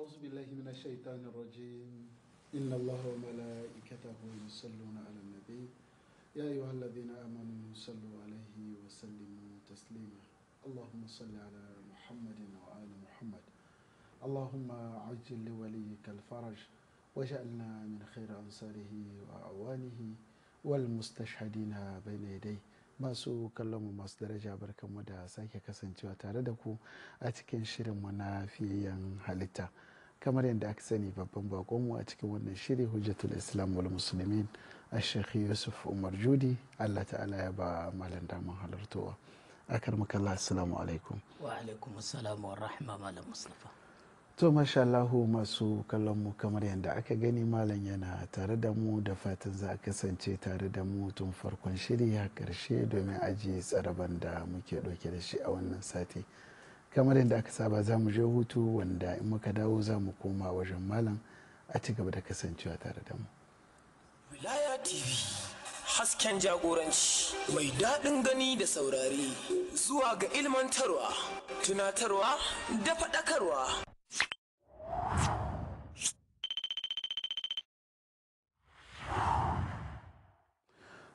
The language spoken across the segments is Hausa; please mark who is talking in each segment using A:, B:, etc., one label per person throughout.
A: أعوذ بالله من الشيطان الرجيم إن الله وملائكته يصلون على النبي يا أيها الذين آمنوا صلوا عليه وسلموا تسليما اللهم صل على محمد وآل محمد اللهم عجل لوليك الفرج وجعلنا من خير أنصاره وأعوانه والمستشهدين بين يديه masu kallonmu masu daraja barkanmu da sake kasancewa tare da ku a cikin shirinmu na fiyayyen halitta. kamar yadda aka sani babban bakonmu a cikin wannan shiri hujjatul islam wal musulmin a sheikh yusuf umar judi allah ta'ala ya ba malam damar halartowa a makalla assalamu alaikum
B: wa alaikum assalamu wa rahma malam mustafa
A: to masha allahu masu kallon mu kamar yadda aka gani malam yana tare da mu da fatan za a kasance tare da mu tun farkon shiri ya karshe domin ajiye tsaraban da muke ɗauke da shi a wannan sati kamar yadda aka saba za mu je hutu wanda in muka dawo za mu koma wajen malam a ci gaba da kasancewa tare da mu
C: wilaya tv hasken jagoranci mai daɗin gani da saurari zuwa ga ilmantarwa tunatarwa da faɗakarwa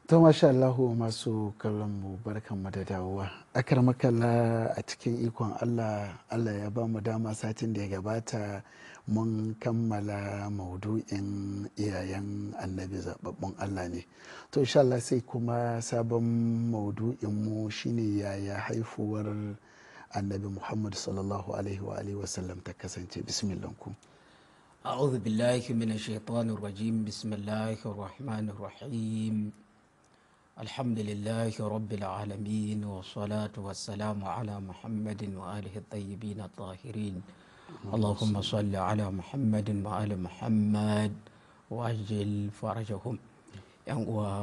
A: To masha Allah masu kallon mu barkan mu da dawowa. Akar makalla a cikin ikon Allah, Allah ya ba mu dama satin da ya gabata mun kammala maudu'in iyayen annabi zababbun Allah ne. To insha Allah sai kuma sabon maudu'in mu shine yaya haifuwar annabi Muhammad sallallahu alaihi wa alihi sallam ta kasance bismillah ku. أعوذ بالله من الشيطان الرجيم بسم الله
B: الرحمن الرحيم الحمد لله رب العالمين والصلاة والسلام على محمد وآله الطيبين الطاهرين اللهم صل على محمد وآل محمد وأجل فرجهم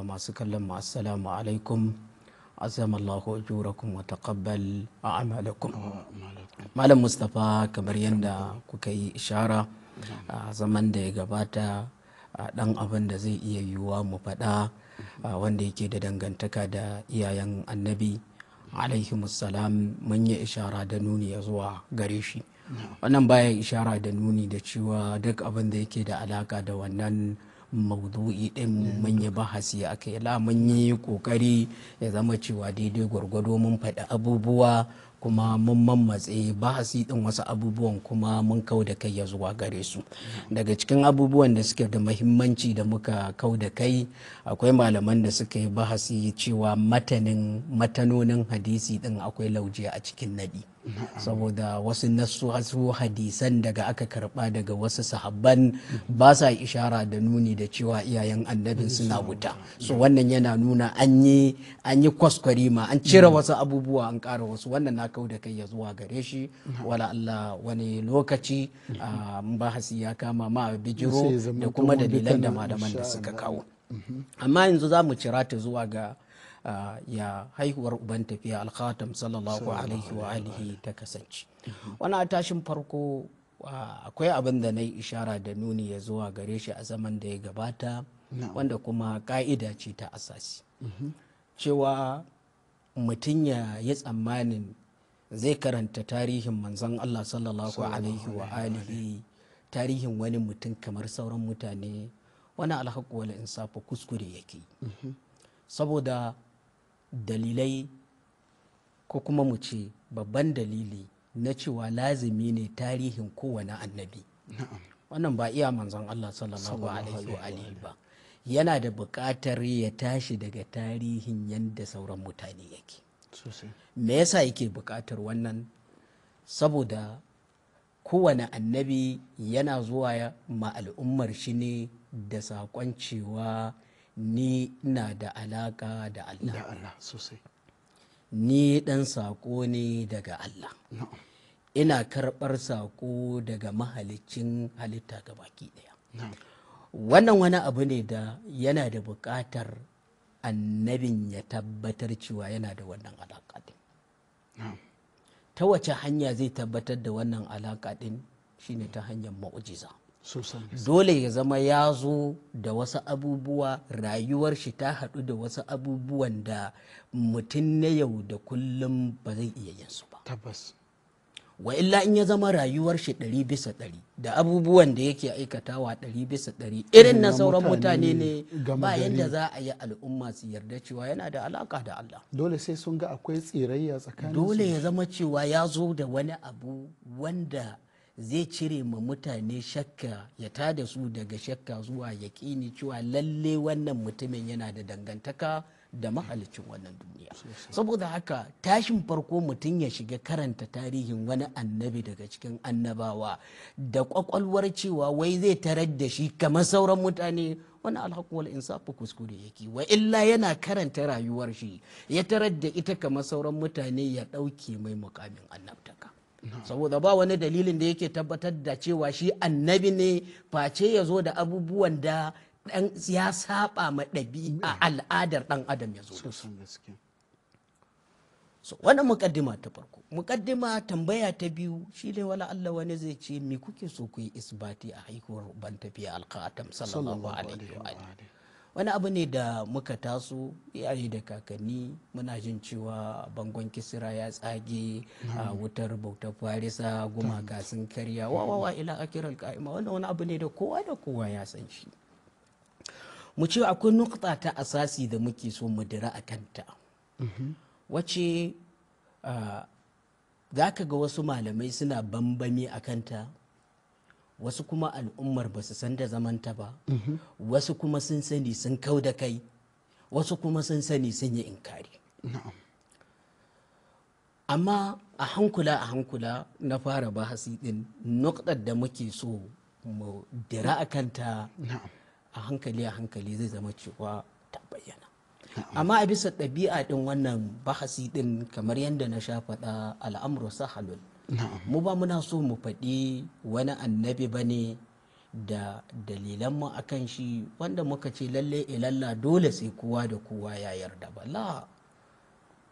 B: ما سكلم السلام عليكم عزم الله أجوركم وتقبل أعمالكم مالا مصطفى kamar yadda kuka yi ishara a zaman da ya gabata a ɗan abin da zai iya yiwuwa mu faɗa wanda yake da dangantaka da iyayen annabi alaihimussalam mun yi ishara da nuni ya zuwa gare shi wannan baya ishara da nuni da cewa duk abin da yake da alaka da wannan maudu'i din mun yi bahasi a kai la mun yi kokari ya zama cewa daidai gwargwado mun faɗi abubuwa kuma mun mammatse bahasi din wasu abubuwan kuma mun kau da kai ya zuwa gare su daga cikin abubuwan da suke da mahimmanci da muka kau da kai akwai malaman da suka yi bahasi cewa matanonin hadisi din akwai lauje a cikin nadi saboda wasu nasu hadisan daga aka karba daga wasu sahabban ba sa ishara da nuni da cewa iyayen annabin suna wuta so wannan yana nuna an yi an yi kwaskwari ma an cire mm. wasu abubuwa an ƙara wasu wannan na kau da kai ya zuwa gare shi mm. wala Allah wani lokaci mm-hmm. ah, bahasi ya kama ma bijiro da kuma dalilan da malaman da suka kawo mm-hmm. amma yanzu za mu cira ta zuwa ga Ah, ya haihuwar uban tafiya alkhatam sallallahu alaihi wa alihi ta kasance wani a tashin farko ah, akwai abin da na yi ishara da nuni ya zuwa gare shi a zaman da ya gabata wanda kuma ka'ida ce ta asasi mhm. cewa mutum ya yi tsammanin zai karanta tarihin manzon Allah sallallahu alaihi wa alihi tarihin wani mutum kamar sauran mutane wani alhaƙu insafa kuskure yake mhm. saboda dalilai ko kuma mu ce babban dalili na cewa lazimi ne tarihin kowane annabi wannan ba iya manzon Allah sallallahu alaihi wa alihi ba yana da buƙatar ya tashi daga tarihin yadda sauran mutane yake me yasa yake bukatar wannan saboda kowane annabi yana zuwa ma al'ummar shi ne da saƙon cewa ni na da alaka da Allah da Allah sosai ni dan sako ne daga Allah ina karɓar saƙo daga mahalicin halitta ga baki ɗaya wannan wani abu ne da yana da buƙatar annabin ya tabbatar cewa yana da wannan alaƙa ɗin ta wace hanya zai tabbatar da wannan alaƙa ɗin shine ta hanyar ma'ujiza dole ya zama ya zo da wasu abubuwa rayuwar shi ta haɗu da wasu abubuwan da mutum na yau da kullum ba zai iya yin su ba tabbas wa illa in ya zama rayuwar shi ɗari bisa ɗari da abubuwan da yake aikatawa ɗari bisa ɗari irin na sauran mutane ne ba yadda za a yi al'umma su yarda cewa yana da alaka da Allah
A: dole sai sun ga akwai tsirayya tsakanin dole ya zama cewa ya zo da wani abu wanda zai
B: cire ma mutane shakka ya tada su daga shakka zuwa yaƙini cewa lalle wannan mutumin yana da dangantaka da mahalicin wannan duniya saboda haka tashin farko mutum ya shiga karanta tarihin wani annabi daga cikin annabawa da kwakwalwar cewa wai zai tarar da shi kamar sauran mutane wani alhaku insafi kuskure yake wa illa yana karanta rayuwar shi ya tarar da ita kamar sauran mutane ya ɗauke mai mukamin annabta saboda ba wani dalilin da yake tabbatar da cewa shi annabi ne face ya zo da abubuwan da ya saba ma ɗabi a mm. al'adar ɗan adam ya zo so wannan mukaddima ta farko mukaddima tambaya ta biyu shi ne wala Allah wani zai ce me kuke so ku yi isbati a haihuwar ban tafiya alkhatam sallallahu alaihi wa alihi wani abu ne da muka taso iyaye da kakanni muna jin cewa bangon kisira ya tsage a hmm. wutar bauta farisa gumaka hmm. sun karya wawawa ila akiran ka'ima wannan wani abu ne da kowa da kowa ya san shi mu ce akwai nukta ta asasi da muke so mu dira a kanta mm-hmm. wace za ka ga wasu malamai suna bambami a kanta wasu kuma al'ummar ba su san da zamanta ba mhm. wasu kuma sun sani sun kau da kai wasu kuma sun sani sun yi inkari amma a hankula a hankula na fara bahasi din nukɗar da muke so mu dira a kanta a hankali a hankali zai zama cewa ta bayyana amma a bisa ɗabi'a ɗin wannan bahasi ɗin kamar yadda na sha faɗa al'amuru sahalul mu ba muna so mu faɗi wani annabi ba ne da dalilanmu a kan shi wanda muka ce lalle ilalla dole sai kowa da kowa ya yarda ba la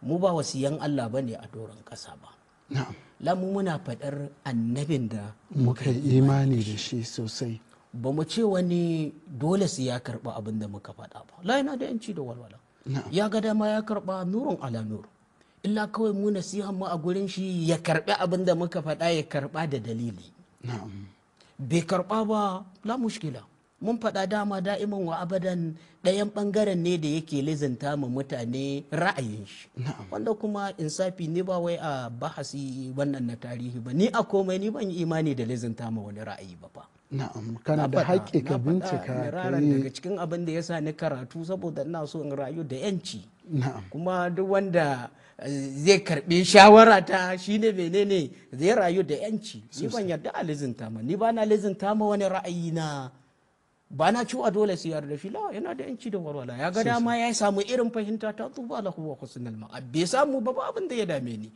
B: mu ba wasiyan Allah ba ne a doron ƙasa ba lamu muna faɗar annabin da
A: muka yi imani da shi sosai
B: ba mu ce wani dole sai ya karɓa abin da muka faɗa ba la yana da yanci da walwala ya ga dama ya karɓa nurin ala nur illa kawai mu nasihan mu a gurin shi ya karbi abin da muka faɗa ya karba da dalili bai karba ba la mushkila mun faɗa dama da'iman wa abadan ɗayan ɓangaren ne da yake lizinta ma mutane ra'ayin shi wanda kuma insafi ne ba wai a bahasi wannan na tarihi ba ni a komai ni ban yi imani da lizinta ma wani ra'ayi ba fa
A: na'am kana da haƙƙi ka bincika daga eh.
B: cikin abin da ya sa ni karatu saboda ina so in rayu da yanci kuma duk wanda zai karbi shawara ta shine menene zai rayu da yanci ni ban yarda a lizinta ma ni ba lizinta ma wani ra'ayi na Bana na ciwa dole su yarda shi lawa yana da yanci da warwala ya ga dama ya samu irin fahimta ta tuba lahu husnul ma bai samu ba ba abin ya dame ni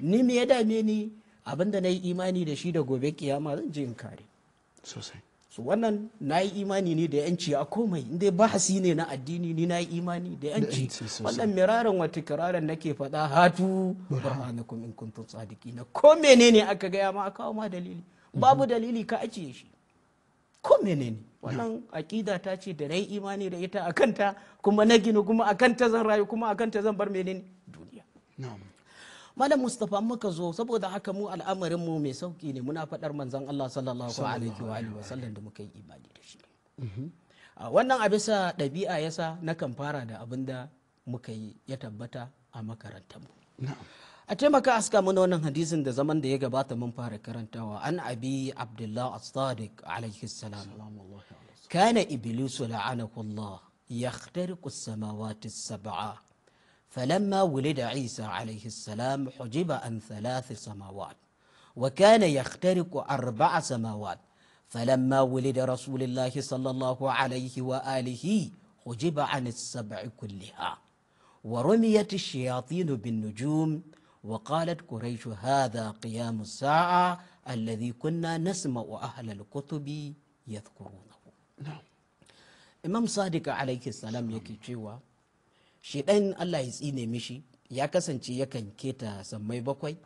B: ni me ya dame ni abinda da na yi imani da shi da gobe kiyama zan je in
A: kare sosai
B: su wannan na yi imani ne da yanci a komai inda bahasi ne na addini ni na yi imani da yanci wannan miraran wata kiraran nake faɗa hatu burhanakum in kuntum ko menene aka gaya ma aka ma dalili babu dalili ka ajiye shi ko menene wannan aƙida ta ce da rai imani da ita a kanta kuma na gina kuma a kanta zan rayu kuma a kanta zan bar menene duniya malam mustapha muka zo saboda haka mu al'amarin mu mai sauki ne muna faɗar manzon Allah sallallahu alaihi wa alihi wasallam da muka yi imani da shi mhm. wannan a bisa ɗabi'a yasa na kan fara da abin da muka yi ya tabbata a makarantar mu a taimaka aska mun wannan hadisin da zaman da ya gabata mun fara karantawa an abi abdullah as-sadiq alaihi salam kana iblis la'anahu allah yakhtariqu as-samawati as-sab'a فلما ولد عيسى عليه السلام حجب عن ثلاث سماوات وكان يخترق أربع سماوات فلما ولد رسول الله صلى الله عليه وآله حجب عن السبع كلها ورميت الشياطين بالنجوم وقالت قريش هذا قيام الساعة الذي كنا نسمع أهل الكتب يذكرونه نعم إمام صادق عليه السلام يكي shedan Allah ya tsine mishi ya kasance yakan keta sammai bakwai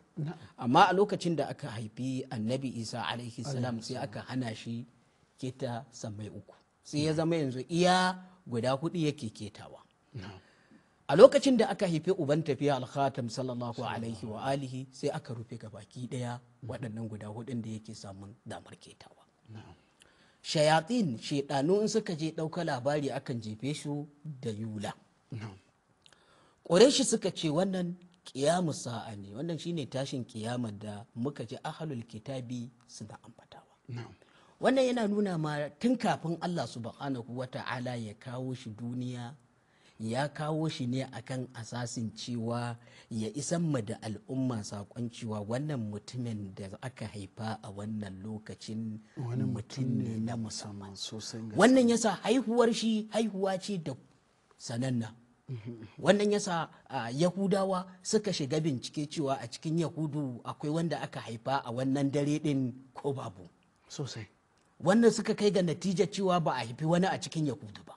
B: amma a lokacin da aka haifi annabi isa alaihi salam sai aka hana shi keta sammai uku sai ya zama yanzu iya guda hudu yake ketawa a lokacin da aka haifi uban tafiya alkhatam sallallahu alaihi wa alihi sai aka rufe ga baki daya waɗannan guda hudun da yake samun damar ketawa shayatin shedanu in suka je ɗauka labari akan jefe su da yula ƙureshi suka ce wannan ƙiyamu sa'a ne wannan shine tashin ƙiyamar da muka ji ahalul kitabi suna
A: ambatawa
B: wannan yana nuna ma tun kafin allah subhanahu wa ta'ala ya kawo shi duniya ya kawo shi ne akan asasin cewa ya isan mu da al'umma saƙon cewa wannan mutumin da aka haifa a wannan lokacin
A: mutum ne na musamman wannan
B: yasa haihuwar shi haihuwa ce da sananna wannan yasa yahudawa suka shiga bincike cewa a cikin yahudu akwai wanda aka haifa a wannan dare din ko babu sosai wannan suka kai ga natija cewa ba a haifi wani a cikin yahudu ba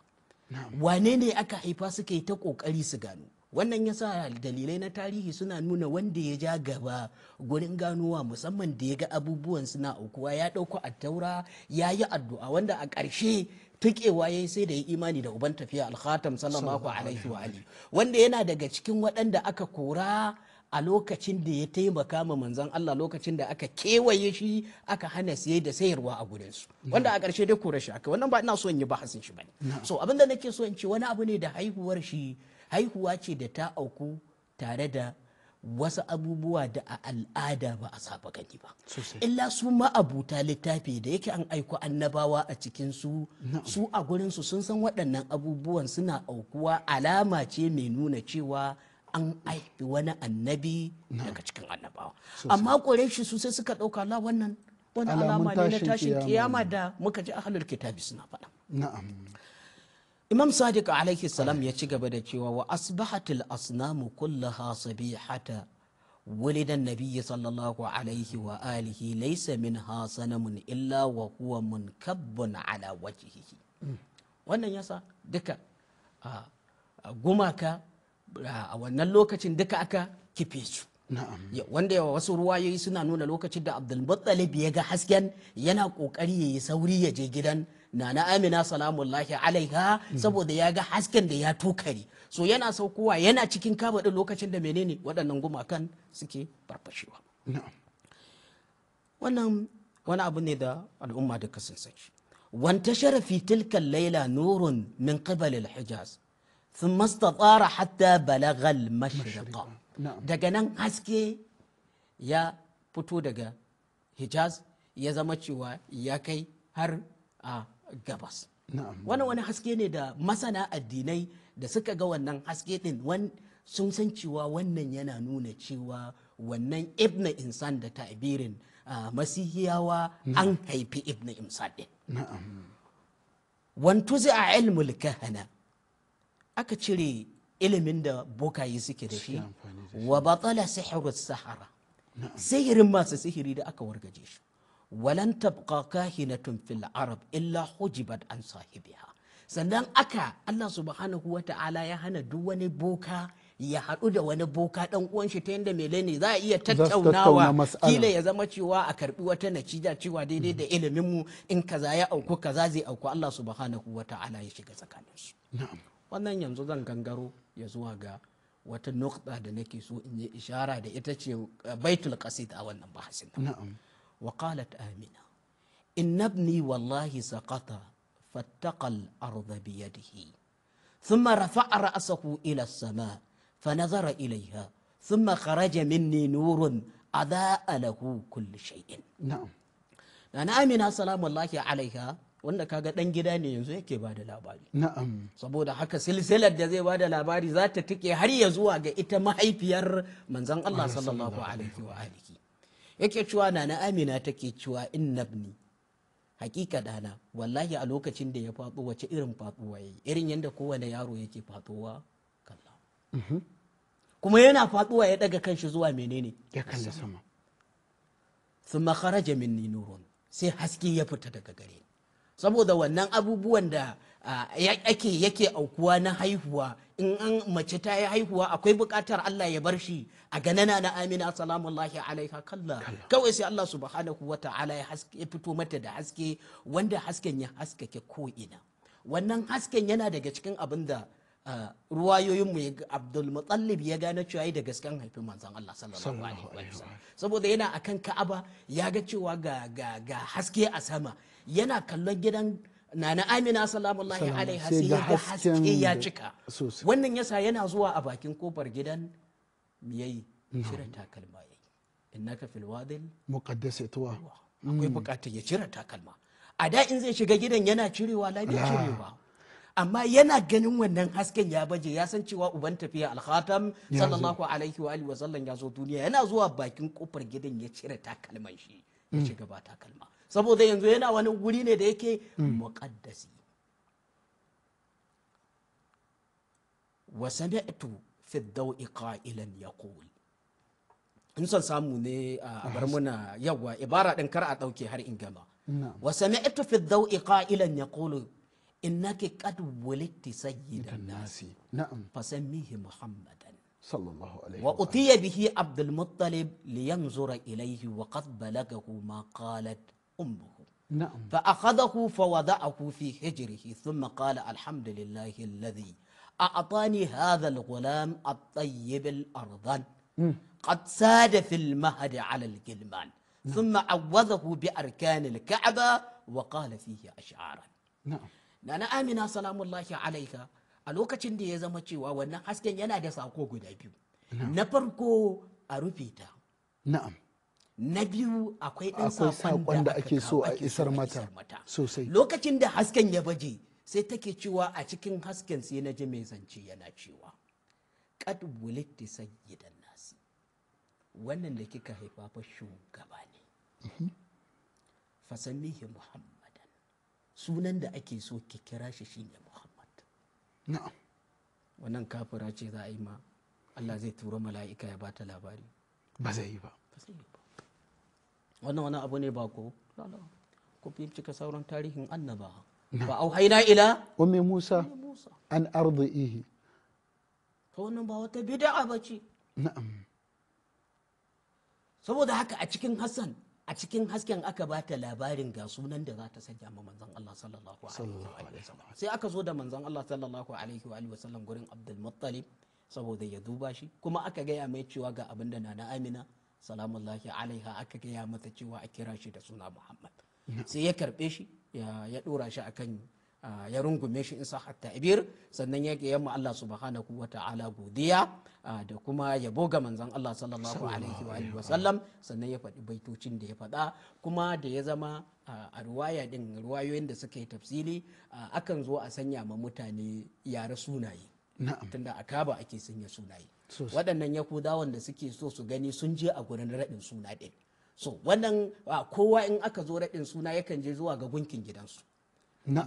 B: wane ne aka haifa suka yi ta kokari su gano wannan yasa dalilai na tarihi suna nuna wanda ya ja gaba gurin ganowa musamman da ya ga abubuwan suna aukuwa ya ɗauko a taura ya yi addu'a wanda a ƙarshe tukewa yayi sai da ya imani da uban tafiya alkhatam sallallahu alaihi wa ali wanda yana daga cikin waɗanda aka kora a lokacin da ya taimaka ma manzon Allah lokacin da aka kewaye shi aka hana siye da sayarwa a gurin su wanda a ƙarshe dai kora shi aka wannan ba ina so in yi bahasin shi bane so abin da nake so in ce wani abu ne da haihuwar shi haihuwa ce da ta auku tare da wasu abubuwa da a al'ada ba a saba gani ba illa su ma'abuta littafi da yake an aiko annabawa a cikin su su a gurin sun san waɗannan abubuwan suna aukuwa alama ce mai nuna cewa an aiki wani annabi daga cikin annabawa amma ƙureshi su sai suka ɗauka la wannan wani alama ne na tashin kiyama da muka ji a halar kitabi suna faɗa na'am imam sadiq alaihi salam ya ci gaba da cewa wa asbahatil asnamu kullaha sabihata ولد sallallahu alaihi wa alihi laysa ليس منها illa wa huwa منكب ala wajhihi wannan yasa duka gumaka a wannan lokacin duka aka kife su wanda yawa wasu ruwayoyi suna nuna lokacin da abdulmuttalib ya ga hasken yana kokari yayi sauri ya je gidan nana amina salamullahi alaiha saboda ya ga hasken da ya tukari so yana saukowa yana cikin kama ɗin lokacin da menene waɗannan gumakan suke farfashewa wannan wani abu ne da al'umma duka sun saki wanta sharafi tilkan laila nurun min qibalil hijaz thumma istatara hatta balagal mashriqa daga nan haske ya fito daga hijaz ya zama cewa ya kai har a gabas Wani wani haske ne da masana addinai da suka ga wannan haske din sun san cewa wannan yana nuna cewa wannan ibna insan da tabirin masihiyawa an haifi ibna insan din wantuzi a ilmul kahana aka cire ilimin da bokaye suke da shi wa batala sihirus sahara sihirin masu sihiri da aka wargaje shi walan tabqa kahinatun fil arab illa hujibat an sahibiha sannan aka Allah subhanahu wa ta'ala ya hana duk wani boka ya haɗu da wani boka ɗan uwan shi ta yadda menene za a iya tattaunawa kila ya zama cewa a karbi wata natija cewa daidai da ilimin mu in kaza ya auku kaza zai auku Allah subhanahu wa ta'ala ya shiga tsakanin su wannan yanzu zan gangaro ya zuwa ga wata nukta da nake so in yi ishara da ita ce uh, baitul qasid a wannan bahasin na'am وقالت آمنة إن ابني والله سقط فاتقى الأرض بيده ثم رفع رأسه إلى السماء فنظر إليها ثم خرج مني نور أضاء له كل شيء نعم أنا آمنة سلام الله عليها wanda kaga dan gida ne yanzu yake ba da labari na'am saboda haka silsilar da zai ba da labari za ta tike har ya zuwa ga ita mahaifiyar manzon Allah sallallahu alaihi wa alihi yake cewa na amina take cewa in nabni hakika dana wallahi a lokacin da ya faɗo wace irin faɗuwa yayi irin yadda kowane yaro yake faɗuwa kalla mhm. kuma yana faɗuwa ya daga kanshi zuwa menene ya kalla sama sun minni nurun sai haske ya fita daga gare saboda wannan abubuwan da yake aukuwa na haihuwa in an mace ta yi haihuwa akwai bukatar Allah ya bar shi a ganana na Amina salamullahi alaiha kalla kawai sai Allah subhanahu wa ta'ala ya fito mata da haske wanda hasken ya haskake ko ina wannan hasken yana daga cikin abin da ruwayoyinmu Abdul Muttalib ya gane cewa da gasken haifin manzon Allah sallallahu alaihi wa saboda yana akan Ka'aba ya ga cewa ga haske a sama yana kallon gidan na amina salamullahi alaiha sai ya ga haske ya cika wannan yasa yana zuwa a bakin kofar gidan yayi cire takalma yayi innaka fil wadil
A: muqaddas akwai
B: mm. bukatar ya cire takalma a da in zai shiga gidan yana cirewa lafiya cirewa amma yana ganin wannan hasken ya baje ya san cewa uban tafiya alkhatam sallallahu alaihi wa alihi wa sallam ya zo duniya yana zuwa bakin kofar gidan ya cire takalman shi ya ci mm. gaba takalma saboda yanzu yana wani guri ne da yake muƙaddasi wa sami'tu fi dau'i qa'ilan yaqul in son samu ne a bar muna yawa ibara din kar a dauke har in gama wa sami'tu fi dau'i qa'ilan yaqul innaka qad wulidti sayyidan nasi na'am fasammihi muhammadan صلى الله عليه وأتي به عبد المطلب لينظر إليه وقد بلغه ما قالت أمه نعم فأخذه فوضعه في هجره ثم قال الحمد لله الذي أعطاني هذا الغلام الطيب الأرض قد ساد في المهد على الكلمان نعم. ثم عوضه بأركان الكعبة وقال فيه أشعارا نعم نانا آمنا سلام الله عليك a lokacin da ya zama cewa wannan hasken yana da sako guda
A: na biyu akwai ɗan saƙon da ake so a isar mata sosai
B: lokacin da hasken ya baje sai take cewa a cikin hasken sai na ji mai zance yana cewa ƙad wulitti sayyidan nasi wannan da kika haifa fa shugaba ne fasannihi muhammadan sunan da ake so ki kira shi shine muhammad na'am wannan kafira ce za a yi ma Allah zai tura mala'ika ya bata labari ba zai yi ba wannan wani abu ne bako ku cika sauran tarihin annabawa ba haina ila
A: ummi musa an ardihi
B: to wannan ba wata bid'a bace na'am saboda haka a cikin hassan a cikin hasken aka ba ta labarin ga sunan da za ta sanya ma manzon Allah sallallahu alaihi wa sai aka zo da manzon Allah sallallahu alaihi wa sallam gurin Abdul Muttalib saboda ya duba shi kuma aka gaya mai cewa ga abin da Nana Amina salamullahi alaiha aka gaya mata cewa a kira shi da suna muhammad sai ya karbe shi ya dora shi akan ya rungume shi in hatta ibir sannan ya gaya mu Allah subhanahu wa ta'ala godiya da kuma ya boga manzan Allah sallallahu alaihi wa alihi sannan ya faɗi baitocin da ya faɗa kuma da ya zama a ruwaya din ruwayoyin da suka yi tafsili akan zo a sanya ma mutane yare sunaye tunda a kaba ake sanya sunaye waɗannan yahudawan da suke so su gani sun je a gurin raɗin suna ɗin so wannan kowa in aka zo raɗin suna yakan je zuwa ga gunkin gidansu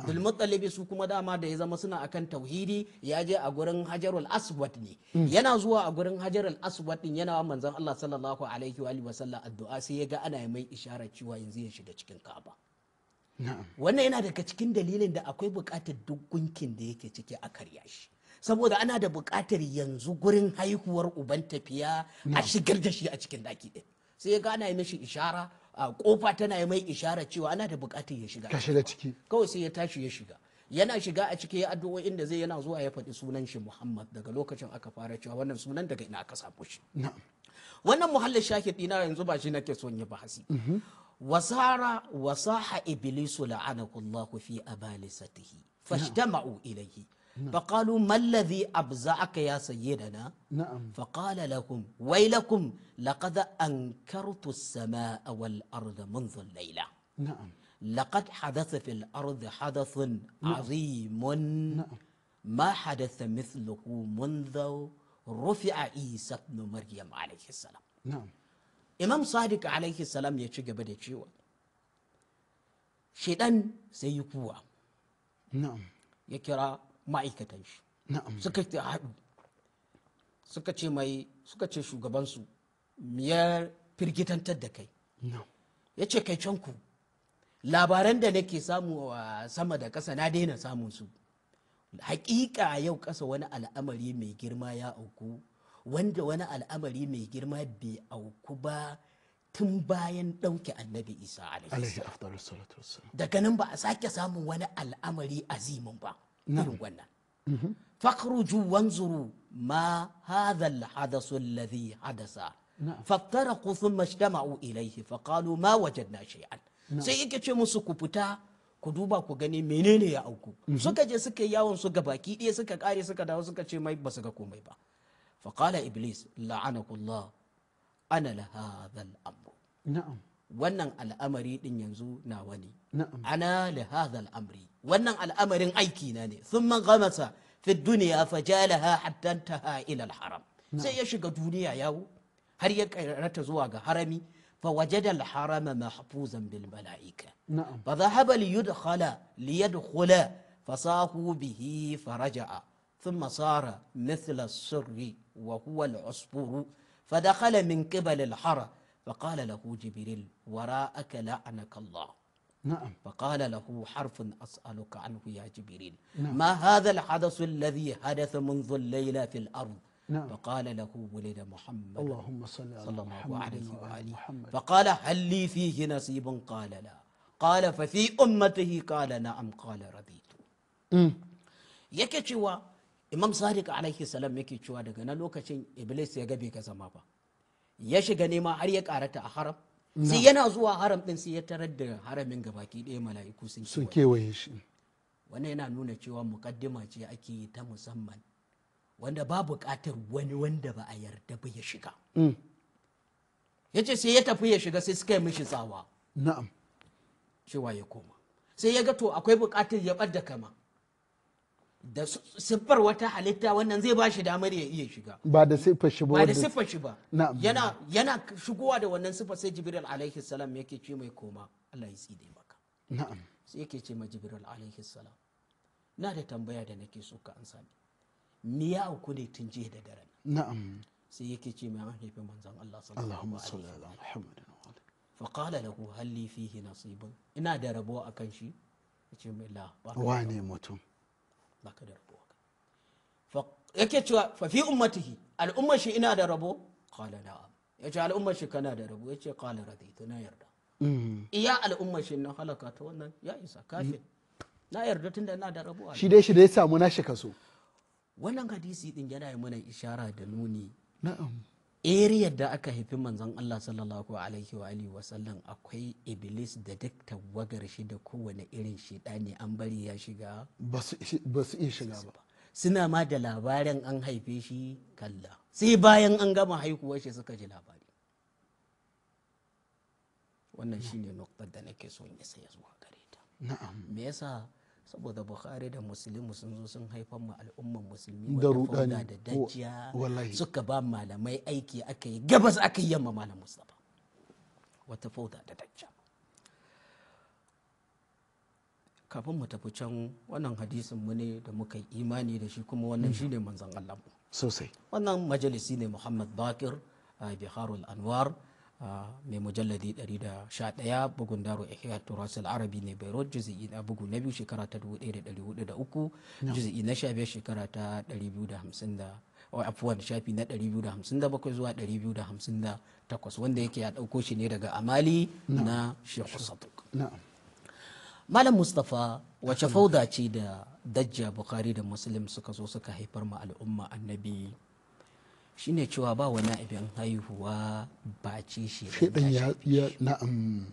B: dulmuttalibi su kuma dama da ya zama suna akan tauhidi ya je a gurin hajarul aswad ne mm. yana zuwa a gurin hajarul aswad din yana wa manzon Allah sallallahu alaihi wa alihi wasallam addu'a sai ya ga ana mai isharar cewa yanzu ya shiga cikin Ka'aba wannan yana daga cikin dalilin da akwai bukatar duk gunkin da yake ciki a karya shi saboda ana da buƙatar yanzu gurin haihuwar uban tafiya a shigar da shi a cikin daki ɗin sai ya gana yi mishi ishara a kofa tana yi mai ishara cewa ana da buƙatar ya shiga kashi da ciki kawai sai ya tashi ya shiga yana shiga a ciki cikin addu'o'in da zai yana zuwa ya faɗi sunan shi Muhammad daga lokacin aka fara cewa wannan sunan daga ina aka sabo shi wannan muhallin shahid ɗina yanzu ba shi nake son ya bahasi mhm. wasara wasaha iblisu la'anahu Allah fi abalisatihi fashtama'u ilayhi نعم. فقالوا ما الذي أبزعك يا سيدنا نعم فقال لهم ويلكم لقد أنكرت السماء والأرض منذ الليلة نعم لقد حدث في الأرض حدث نعم. عظيم نعم ما حدث مثله منذ رفع عيسى بن مريم عليه السلام نعم إمام صادق عليه السلام ya بدي gaba شيئا cewa نعم sai ma'aikatan shi suka haɗu ah. suka ce mai suka ce shugabansu miyar firgitantar da kai ya ce kai can labaran da nake samu a sama da ƙasa na daina samun su haƙiƙa yau ƙasa wani al'amari mai girma ya auku wanda wani al'amari mai girma bai auku ba tun bayan ɗauke annabi isa daga nan ba a sake samun wani al'amari azimin ba irin wannan mm-hmm. fakhruju wanzuru ma hadha al alladhi hadasa faftaraku thumma ijtama'u ilaihi faqalu ma na shay'an sai yake ce musu ku fita ku duba ku gani menene ya auku mm-hmm. suka je suka yawon su baki ɗaya suka kare suka dawo suka ce mai basu ga komai ba faqala iblis la'anahu allah ana la hadha al na'am wannan al'amari din yanzu na wani ana li hadha al'amri wannan al'amarin aiki na ne sun man gamasa fi duniya fa jalaha hatta taha ila al-haram sai ya shiga duniya yawo har ya karata zuwa ga harami fa fa wajada al-haram mahfuzan bil malaika dhahaba li yudkhala فوجد الحرم محفوظا بالملائكة نعم فذهب thumma sara mithla as-sirri wa huwa al السر fa dakhala min من al-haram فقال له جبريل وراءك لعنك الله نعم فقال له حرف أسألك عنه يا جبريل نعم. ما هذا الحدث الذي حدث منذ الليلة في الأرض نعم. فقال له ولد محمد اللهم صل على صلى الله عليه وآله فقال هل لي فيه نصيب قال لا قال ففي أمته قال نعم قال رضيت امم cewa imam sadiq alaihi salam yake cewa daga إبليس lokacin iblis ya ya shiga nema har ya karata a haram sai yana zuwa haram din sai ya tarar da haramin gabaki ɗaya mala'iku
A: sun kewaye shi
B: wannan yana nuna cewa mukaddima ce ake yi ta musamman wanda ba buƙatar wani wanda ba a yarda ba ya shiga mm. ya ce sai ya tafi ya shiga sai suka yi mishi tsawa na'am cewa ya koma sai ya ga to akwai buƙatar ya ɓadda kama da siffar wata halitta wannan zai ba shi damar ya iya shiga
A: ba da siffar shi ba da siffar shi ba
B: yana yana shigowa da wannan siffar sai jibril alaihi salam yake ce mai koma Allah ya tsine maka na'am sai yake ce ma jibril alaihi salam na da tambaya da nake so ka ansa ni me ya uku ne tun jiya da dare na'am sai yake ce mai an haifi manzon Allah sallallahu alaihi wasallam Muhammadin fa qala lahu hal li fihi nasibun ina da rabo akan shi yace mai la Wa wane mutum baka da rabo yake cewa fa fi ummatihi al'ummar shi ina da rabo qala na'am yace al'ummar shi kana da rabo yace qala raditu na yarda mm. iya al'ummar shi na halaka ta wannan ya isa kafin na yarda tunda ina da rabo shi dai shi dai samu na shi kaso wannan hadisi din yana yi mana ishara da nuni na'am eriyar da aka haifi manzon Allah sallallahu alaihi wa alihi wasallam akwai iblis da duk wagar shi da kowane irin shidani an bari ya shiga
A: ba su iya shiga ba suna ma
B: da labarin an haife shi kalla sai bayan an gama haihuwar shi suka ji labari wannan shine nuktar da nake son ya saya zuwa gare ta me yasa saboda bukhari da musulmi sun zo sun haifar ma al'umman musulmi da ruɗani da dajiya suka ba malamai aiki aka yi gabas aka yi yamma malam mustapha wata fauda da dajiya kafin mu tafi can wannan hadisin mu ne da muka yi imani da shi kuma wannan mm. shine manzon Allah sosai wannan majalisi ne Muhammad Bakir a Biharul Anwar mai mujalladi 111 bugun daro a hiyar al-arabi ne rot juzi'i na bugu na biyu shekara ta 1403 juzi'i na 15 shekara ta 250 afuwan shafi na 257 zuwa 258 wanda yake ya dauko shi ne daga amali na shekhu sadduk malam mustapha wace fauda ce da dajja bukari da muslim suka zo suka haifar ma al'umma annabi shine cewa ba wani abin haihuwa ce shi
A: shaidan ya na'am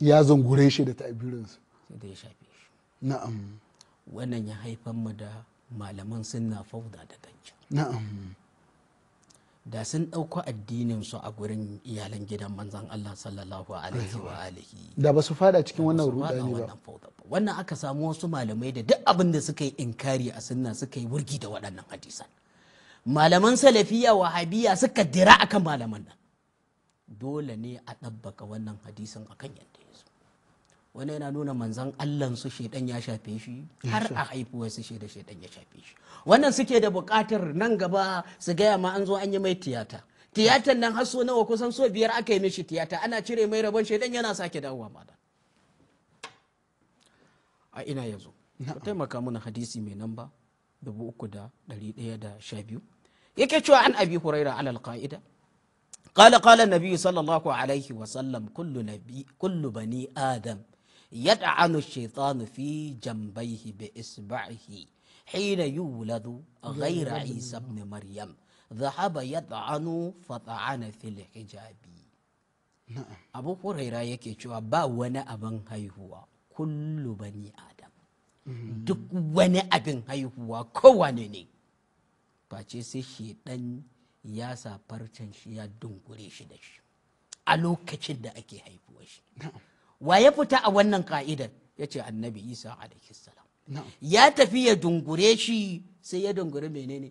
A: ya zungure shi da
B: ta'abirinsu da ya shafe shi na'am wannan ya haifar mu da malaman na fauda da danci
A: na'am
B: da sun ɗauko addinin su a gurin iyalan gidan manzan Allah sallallahu alaihi wa alihi
A: da ba su fada cikin wannan rudani ba
B: wannan aka samu wasu malamai da duk abin da suka yi inkari a sunna suka yi wurgi da waɗannan hadisan malaman salafiya wahabiya suka dira akan malaman nan dole ne a ɗabbaka wannan hadisin akan yadda ya zo wani yana nuna manzan allan su shaidan ya shafe shi har a haifuwar su shaida shaidan ya shafe shi wannan suke da buƙatar nan gaba su gaya ma an zo an yi mai tiyata tiyatan nan har so nawa kusan so biyar aka yi mishi tiyata ana cire mai rabon shaidan yana sake dawowa ma a ina yazo ku taimaka mana hadisi mai namba dubu uku da ɗari ɗaya da sha biyu يكشو عن أبي هريرة على القائدة قال قال النبي صلى الله عليه وسلم كل نبي كل بني آدم يدعن الشيطان في جنبيه بإصبعه حين يولد غير عيسى بن مريم ذهب يدعن فطعن في الحجاب نعم. أبو هريرة يكشو أبا ونا أبن هيهوا كل بني آدم دك ونا أبن هيهوا كوانيني face sai shedan ya sa farcen shi ya dungure shi da shi a lokacin da ake haifuwa shi wa ya fita a wannan ka'idar ya ce annabi isa salam ya tafi ya dungure shi sai ya dungure menene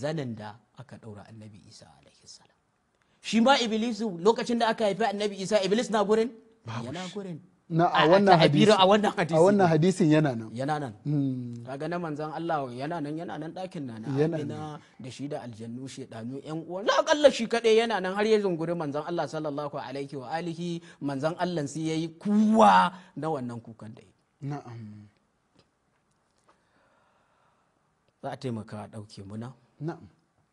B: zanen da aka ɗaura annabi isa salam shi ma iblisu lokacin da aka haifi annabi isa iblis na gurin yana gurin
A: na a wannan hadisi a wannan hadisi a wannan hadisin yana nan yana nan hmm.
B: kaga na manzon Allah yana nan yana nan dakin nan amina da shi da aljannu shedanu yan uwa la kalla shi kadai yana nan har ya zunguri manzon Allah sallallahu alaihi wa alihi manzon Allah sai yayi kuwa na wannan kukan da na'am za a taimaka dauke muna na'am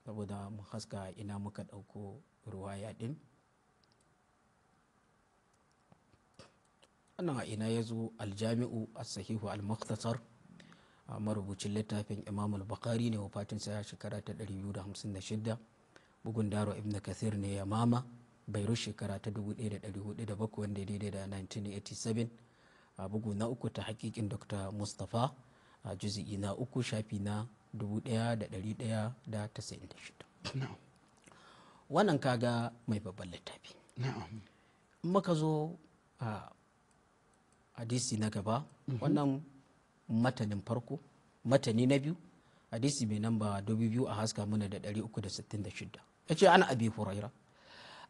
B: saboda mu haska ina muka dauko ruwaya din ana ina ya zo aljami'u as-sahihu al-mukhtasar marubucin littafin imam al-bukhari ne wafatin sa shekara ta 256 bugun daro ibn kathir ne ya mama bairu shekara ta 1407 wanda ya daidai da 1987 bugu na uku ta hakikin dr mustapha a juzi'i na uku shafi na 1196 wannan kaga mai babban littafi maka zo a hadisi na gaba mhm. wannan matanin farko matani na biyu hadisi mai namba biyu a haska muna da 366 yace ana abi huraira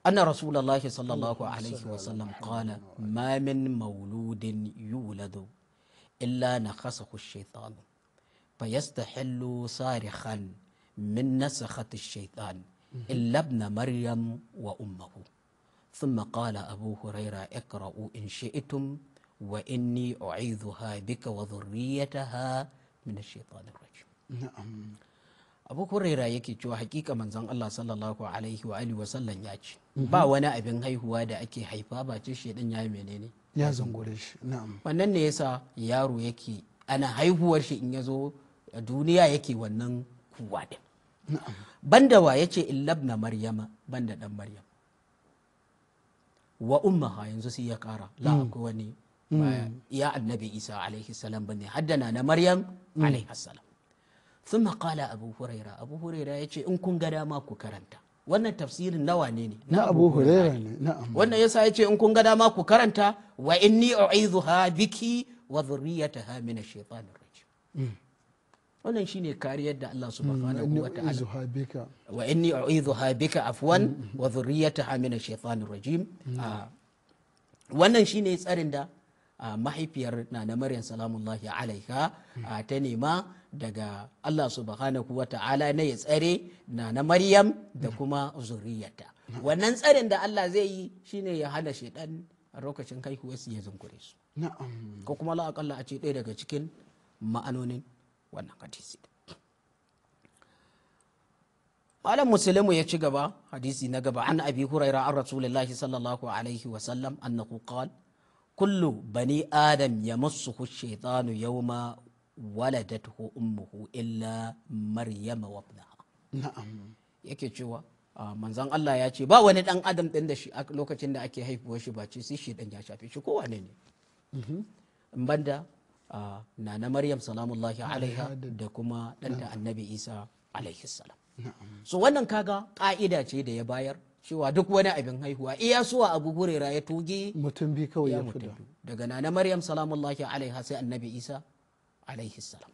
B: anna rasulullahi sallallahu alaihi wa sallam qala ma min mauludin yuladu illa nakhasahu ash-shaytan fayastahillu sarihan min nasakhati ash-shaytan
A: mhm. illa
B: ibn maryam wa ummuhu ثم qala abu هريرة اقرأوا إن شئتم wa inni ha bika wa dhurriyyataha min ash-shaytanir rajim na'am Abu Huraira yake cewa hakika manzon Allah sallallahu alaihi wa alihi wa sallam ya ce mhm. ba wani abin haihuwa da ake haifa ba ce shedan yayi menene ya zangure shi na'am wannan ne yasa yaro yake ana haihuwar shi in yazo duniya yake wannan kuwa din banda wa yace illabna maryama banda dan maryam wa ummaha yanzu sai ya kara la mm. akwai wani Hmm. ya annabi isa alaihi salam bane haddana na maryam hmm. alaihi salam thumma qala abu huraira abu huraira yace in kun ga dama ku karanta wannan tafsirin nawa ne
A: ne na abu huraira ne na'am
B: wannan yasa yace in kun ga dama ku karanta wa inni u'idhuha biki wa dhurriyyataha min ash-shaytanir rajim hmm. wannan shine kariyar da Allah subhanahu wa
A: ta'ala wa inni
B: u'idhuha bika afwan wa dhurriyyataha min ash-shaytanir rajim ah, wannan shine tsarin da mahaifiyar na na maryam salamullahi alaiha ta nema daga Allah subhanahu wa ta'ala na ya tsare na na maryam da kuma zuriyarta wannan tsarin da Allah zai yi shine ya hana shaidan lokacin kuwa su ya zunkure su ko kuma la akalla a ce ɗaya daga cikin ma'anonin wannan hadisi malam muslimu ya ci gaba hadisi na gaba an abi huraira an rasulullahi sallallahu alaihi wa sallam annahu qala kullu bani adam ya masu shaitanu yau ma waladatuhu ummuhu illa maryama wa
A: na'am
B: yake cewa manzan Allah ya ce ba wani dan adam din da shi lokacin da ake haifuwar shi ba ce sai shi dan ya shafi shi kowane ne mhm. in banda nana maryam salamullahi alaiha da kuma danta annabi isa alaihi salam so wannan kaga ka'ida ce da ya bayar cewa duk wani abin haihuwa iya suwa abu hurera ya toge
A: mutum bi kawai ya fita
B: daga nana maryam salamullahi alaiha sai annabi isa alaihi salam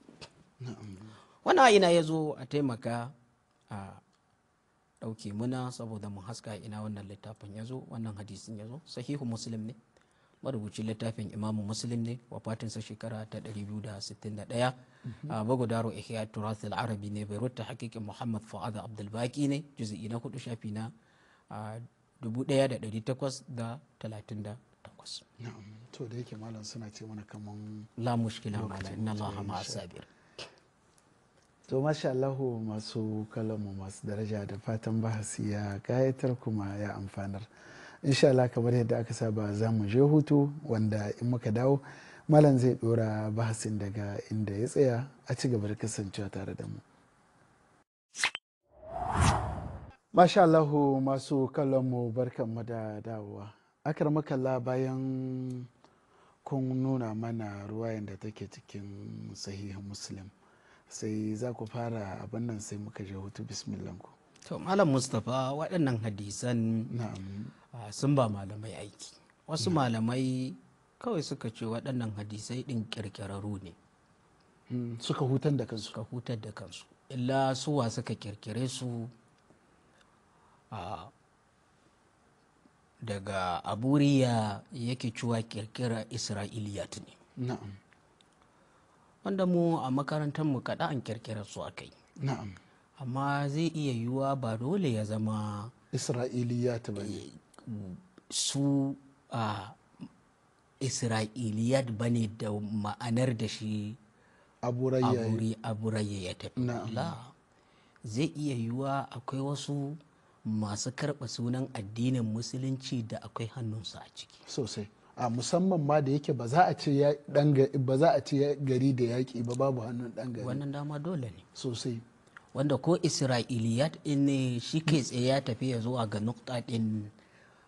B: wannan ina ya zo a taimaka a ɗauke muna saboda mu haska ina wannan littafin ya zo wannan hadisin ya zo sahihu muslim ne marubucin littafin imamu muslim ne wafatinsa shekara ta 261 mhm. a bagudaro ihya turathil arabi ne bai rutta hakikin muhammad fa'ad abdulbaki ne juzi'i na hudu shafi na 1838
A: to da yake malam suna ce mana kaman la mushkila malam inna allaha sabir to masha Allahu masu kalamu masu daraja da fatan bahasi ya kayatar kuma ya amfanar insha Allah kamar yadda aka saba za mu je hutu wanda in muka dawo malam zai dora bahasin daga inda ya tsaya a ci gaba da kasancewa tare da mu Masha Allahu masu kallonmu barkanmu da dawowa. Akar makalla bayan kun nuna mana ruwayan da take cikin sahihin Muslim. Sai za ku fara abin nan sai muka je hutu bismillanku.
B: To Malam Mustapha waɗannan hadisan sun ba malamai aiki. Wasu malamai kawai suka ce waɗannan hadisai ɗin ƙirƙirarru ne. Hmm, suka hutar da kansu. Suka hutar da kansu. Illa suwa suka ƙirƙire su A daga aburiya yake cewa kirkira isra'iliyat ne wanda mu a makarantar mu kaɗa an kirkira su a kai amma zai iya yiwuwa ba dole ya zama isra'iliyat ba ne eh, su a isra'iliyat ba ne da ma'anar da shi aburayya ya tafi zai iya yiwuwa akwai wasu masu karɓa
A: sunan addinin musulunci da akwai hannunsu a ciki sosai a musamman ma da yake ba za a ce ba za a ce gari da yaƙi ba babu hannun ɗan gari wannan
B: dama dole ne sosai wanda ko isra'iliyat ne shi ke tsaye ya tafi ya zuwa ga nukta din.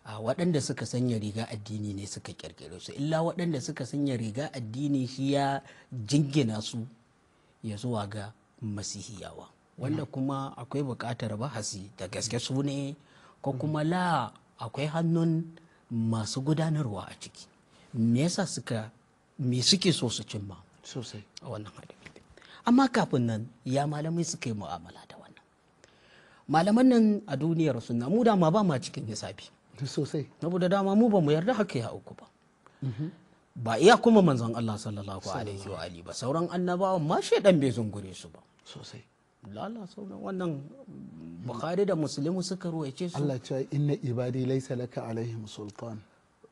B: a waɗanda suka sanya riga addini ne suka kirkiro su illa waɗanda suka sanya riga addini shi ya jingina su ya zuwa ga masihiyawa wanda kuma akwai buƙatar bahasi da gaske su ne ko kuma la akwai hannun masu gudanarwa a ciki me yasa suka me suke so su cimma sosai a wannan hadin amma kafin nan ya malamai suka yi mu'amala da wannan malaman nan a duniyar sunna mu dama ba ma cikin hisabi sosai saboda dama mu ba mu yarda haka ya uku ba mm-hmm. ba iya kuma manzon Allah sallallahu alaihi wa alihi ba sauran annabawan ma shedan bai zungure su ba sosai lala sauran wannan
A: bukhari da musulmi suka ruwaice su Allah ce inna ibadi laysa laka alaihim sultan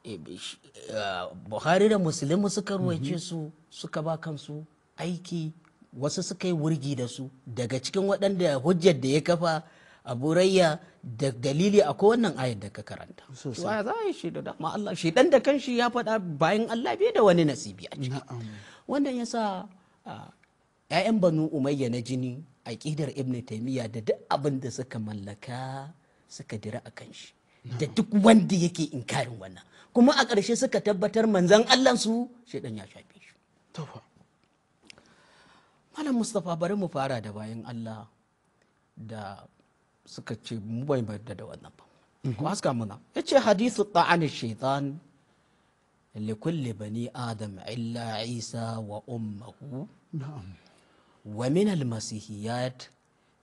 A: eh, eh, bukhari da musulmi suka su suka ba kansu aiki wasu suka yi wurgi da
B: su daga cikin waɗanda hujjar da ya kafa abu rayya da dalili akwai wannan ayar da ka karanta to za a yi shi da dama Allah shi dan da kanshi ya faɗa bayan Allah bai da wani nasibi a ciki wannan yasa ah, 'ya'yan banu umayya na jini aƙidar ibn taimiyya da duk abin da suka mallaka suka dira a kan shi da duk wanda yake inkarin wannan kuma a ƙarshe suka tabbatar manzan Allah su shaidan ya shafi shi malam mustapha bari mu fara da bayan Allah da suka ce mu bai yarda da wannan ba mhm. ku haska muna ce hadisu ta'ani shaitan likulli bani adam illa isa wa umma ومن المسيحيات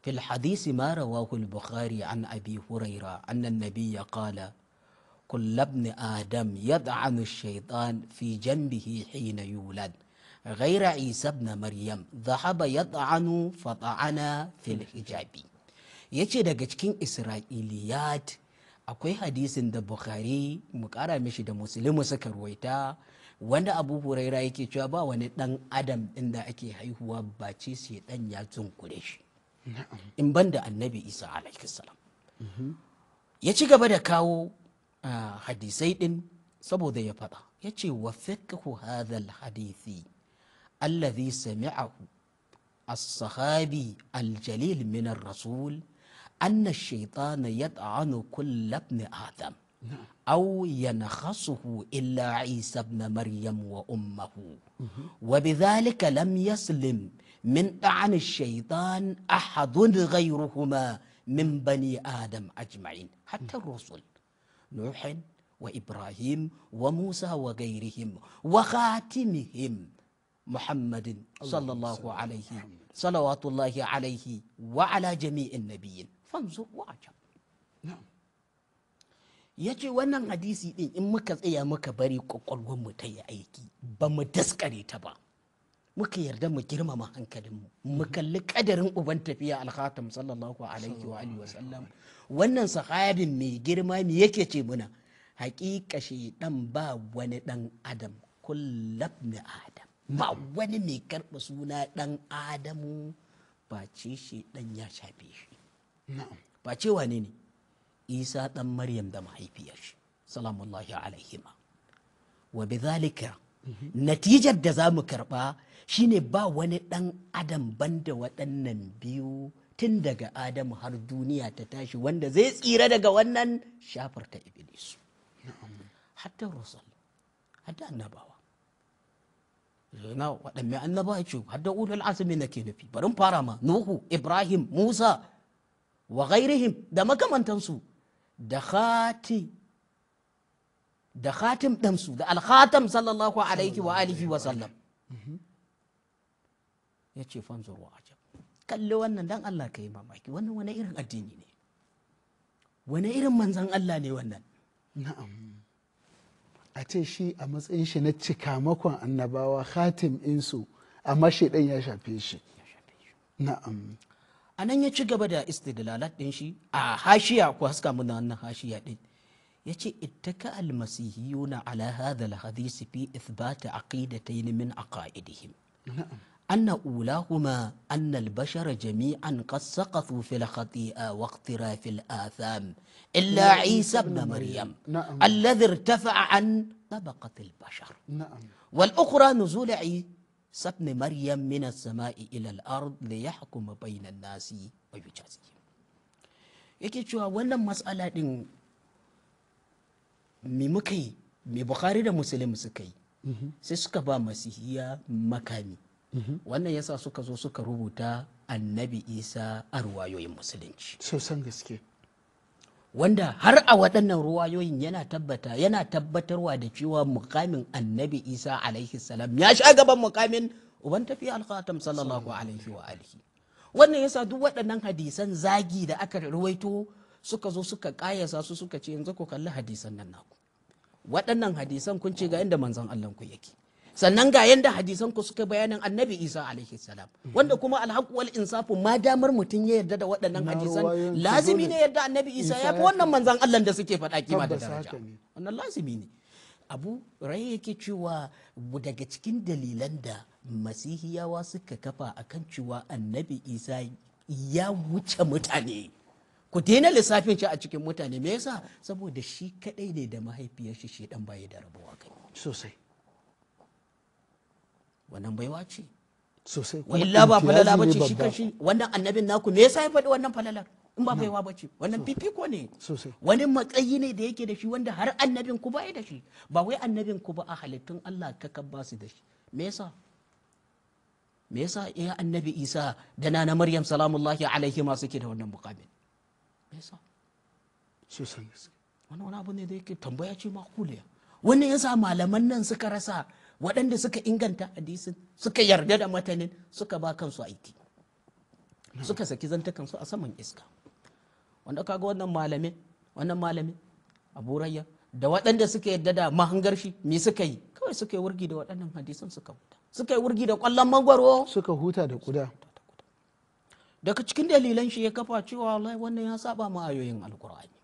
B: في الحديث ما رواه البخاري عن أبي هريرة أن النبي قال كل ابن آدم يطعن الشيطان في جنبه حين يولد غير عيسى ابن مريم ذهب يطعن فطعن في الحجاب يجي daga إسرائيليات أكوي حديث البخاري da bukhari mu kara mishi da wanda abu huraira yake cewa ba wani dan adam din da ake haihuwa ba ce sai dan ya tunkure shi in ban da annabi isa alaihi salam ya ci gaba da kawo ah, hadisai din saboda ya fada ya ce wa fiqhu hadha alhadithi alladhi sami'ahu الصحابي الجليل rasul anna أن الشيطان yat'anu كل ابن adam. أو ينخصه إلا عيسى ابن مريم وأمه وبذلك لم يسلم من طعن الشيطان أحد غيرهما من بني آدم أجمعين حتى الرسل نوح وإبراهيم وموسى وغيرهم وخاتمهم محمد صلى الله عليه صلوات الله عليه وعلى جميع النبيين فانظر وعجب نعم ya ce wannan hadisi ɗin in muka tsaya muka bari mu ta yi aiki ba mu daskare ta ba muka yarda mu girmama hankalin mu mu kalli kadarin uban tafiya alhatam sallallahu alaihi wa alihi wasallam wannan sahabin mai girma me yake ce muna haƙiƙa shaidan ba wani dan adam kullab na adam ba wani mai karɓa suna dan adamu ba ce shaidan ya shafe shi ba ce wane ne isa ɗan maryam da mahaifiyar shi salamullahi alaihima wa bidhalika natijar da za mu karɓa shine ba wani ɗan adam banda waɗannan biyu tun daga adamu har duniya ta tashi wanda zai tsira daga wannan shafar ta iblis hatta rasul hatta annabawa na waɗanne annabawa ce hatta ulul azumi na ke nufi barin fara ma nuhu ibrahim musa wa ghairihim da makamantansu da khati da khatim ɗansu da alkhatam sallallahu alaihi wa alihi wa sallam ya ce fanzuru ajab kalli wannan dan Allah ka yi mamaki wannan wani irin addini ne wani irin manzan
A: Allah ne wannan na'am a ce shi a matsayin shi na cikamakon annabawa khatim insu amma shi ya shafe shi na'am
B: a nan ya ci gaba da istidlalat din shi a hashiya ku haska mun wannan hashiya din yace ittaka almasihiyuna ala hadha alhadith fi ithbat aqidatayn min aqaidihim أن أولاهما أن البشر جميعا قد سقطوا في الخطيئة واقتراف الآثام إلا نعم. عيسى بن مريم نعم. الذي ارتفع عن طبقة البشر نعم. والأخرى نزول عيسى sabni maryam minas sama'i ila al-ard li yahkuma bainan nasi wa yujazi yake cewa wannan matsala din mi muka yi bukhari da muslim suka yi mhm. sai suka ba masihiya makami mhm. wannan yasa suka zo suka rubuta annabi isa a ruwayoyin musulunci sosan gaske wanda har a waɗannan ruwayoyin yana tabbata yana tabbatarwa da cewa mukamin annabi isa alaihi salam ya sha gaban mukamin uban tafi alkhatam sallallahu alaihi wa alihi wannan yasa duk waɗannan hadisan zagi da aka ruwaito suka zo suka kayasa su suka ce yanzu ku kalli hadisan nan naku waɗannan hadisan kun ce ga inda manzon Allah ku yake sannan ga yadda hadisan ku suka bayanin annabi isa alaihi salam mhm. wanda kuma alhakuwar wal insafu ma damar mutum ya yarda da waɗannan hadisan lazimi ne yadda annabi isa ya fi wannan manzan Allah da suke faɗa kima da daraja wannan lazimi ne abu rai yake cewa daga cikin dalilan da masihiyawa suka kafa a kan cewa annabi isa ya wuce mutane ku daina lissafin shi a cikin mutane me yasa saboda shi kadai ne da mahaifiyar shi shi dan baye da rabuwa kai sosai wannan baiwa ce
A: sosai illa ba falala bace ce shi kashi
B: wannan annabin naku me yasa ya faɗi wannan falalar in ba baiwa ba ce wannan fifiko ne wani matsayi ne da yake da shi wanda har annabin ku ba da shi ba wai annabin ku ba a halittun Allah ka kan ba su da shi me yasa me yasa ya annabi Isa da nana Maryam salamullahi alaihi ma suke da wannan muqabil me yasa sosai wani wani abu ne da yake tambaya ce makuliya wannan yasa malaman nan suka rasa waɗanda suka inganta hadisin suka yarda da matanin suka ba kansu aiki suka saki zantakansu a saman iska wanda kaga wannan malamin wannan malamin abu da waɗanda suka yarda da mahangar shi me suka yi kawai suka yi wurgi da waɗannan hadisan suka huta suka yi wurgi da ƙwallon mangwaro suka huta da kuda daga cikin dalilan shi ya kafa cewa wannan ya saba ma ayoyin alkur'ani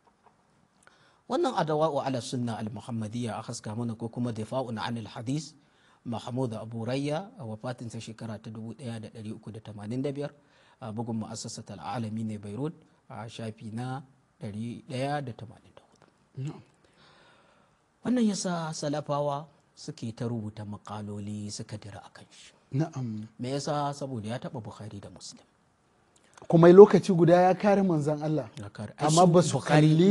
B: wannan adawa'u ala sunna al-muhammadiyya a haska mana ko kuma difa'un anil hadis mahmud abu rayya a wafatinsa shekara ta 1385 a bugun ma'asasat al'alami ne beirut a shafi na 184 wannan yasa salafawa suke ta rubuta makaloli suka dira a kan shi na'am me yasa saboda ya taba bukhari da muslim
A: kuma lokaci guda ya kare manzan Allah amma ba su kalli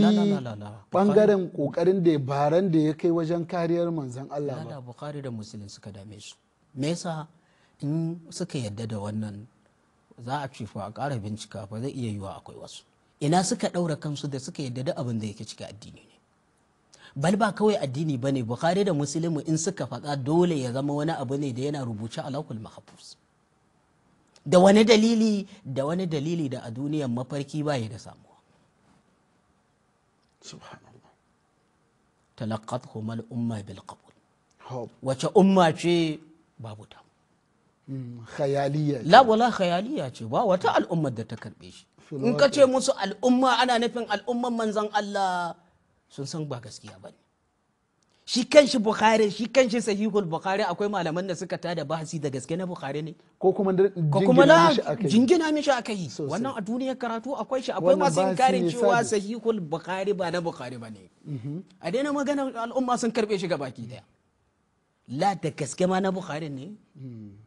A: bangaren kokarin da baran da ya kai wajen kariyar manzan Allah ba
B: bukari da musulun suka dame su me yasa in suka yadda da wannan za a ce a kara bincika ba zai iya yiwa akwai wasu ina suka ɗaura kansu da suka yadda da abin da yake cika addini ne bal ba kawai addini bane bukari da musulmi in suka faɗa dole ya zama wani abu ne da yana rubuce a lahul mahfuz da wani dalili da wani dalili da a duniyan mafarki baya da samuwa talakat homal umma bil qabul wace umma ce babu ta hmm, khayaliya la ce ba wata al'ummar da ta karbe shi in ka ce musu al'umma ana nufin al'umman manzon Allah sun san ba gaskiya bane shi kanshi bukhari shi kanshi sahihul bukhari akwai malaman da suka tada bahasi da gaske na bukhari ne ko kuma ko kuma la jingina mishi akai wannan a duniyar karatu akwai shi akwai masu inkarin cewa sahihul bukhari ba na bukhari bane mhm. a daina magana al'umma sun karbe shi gabaki daya la da gaske ma na bukhari ne
A: mm.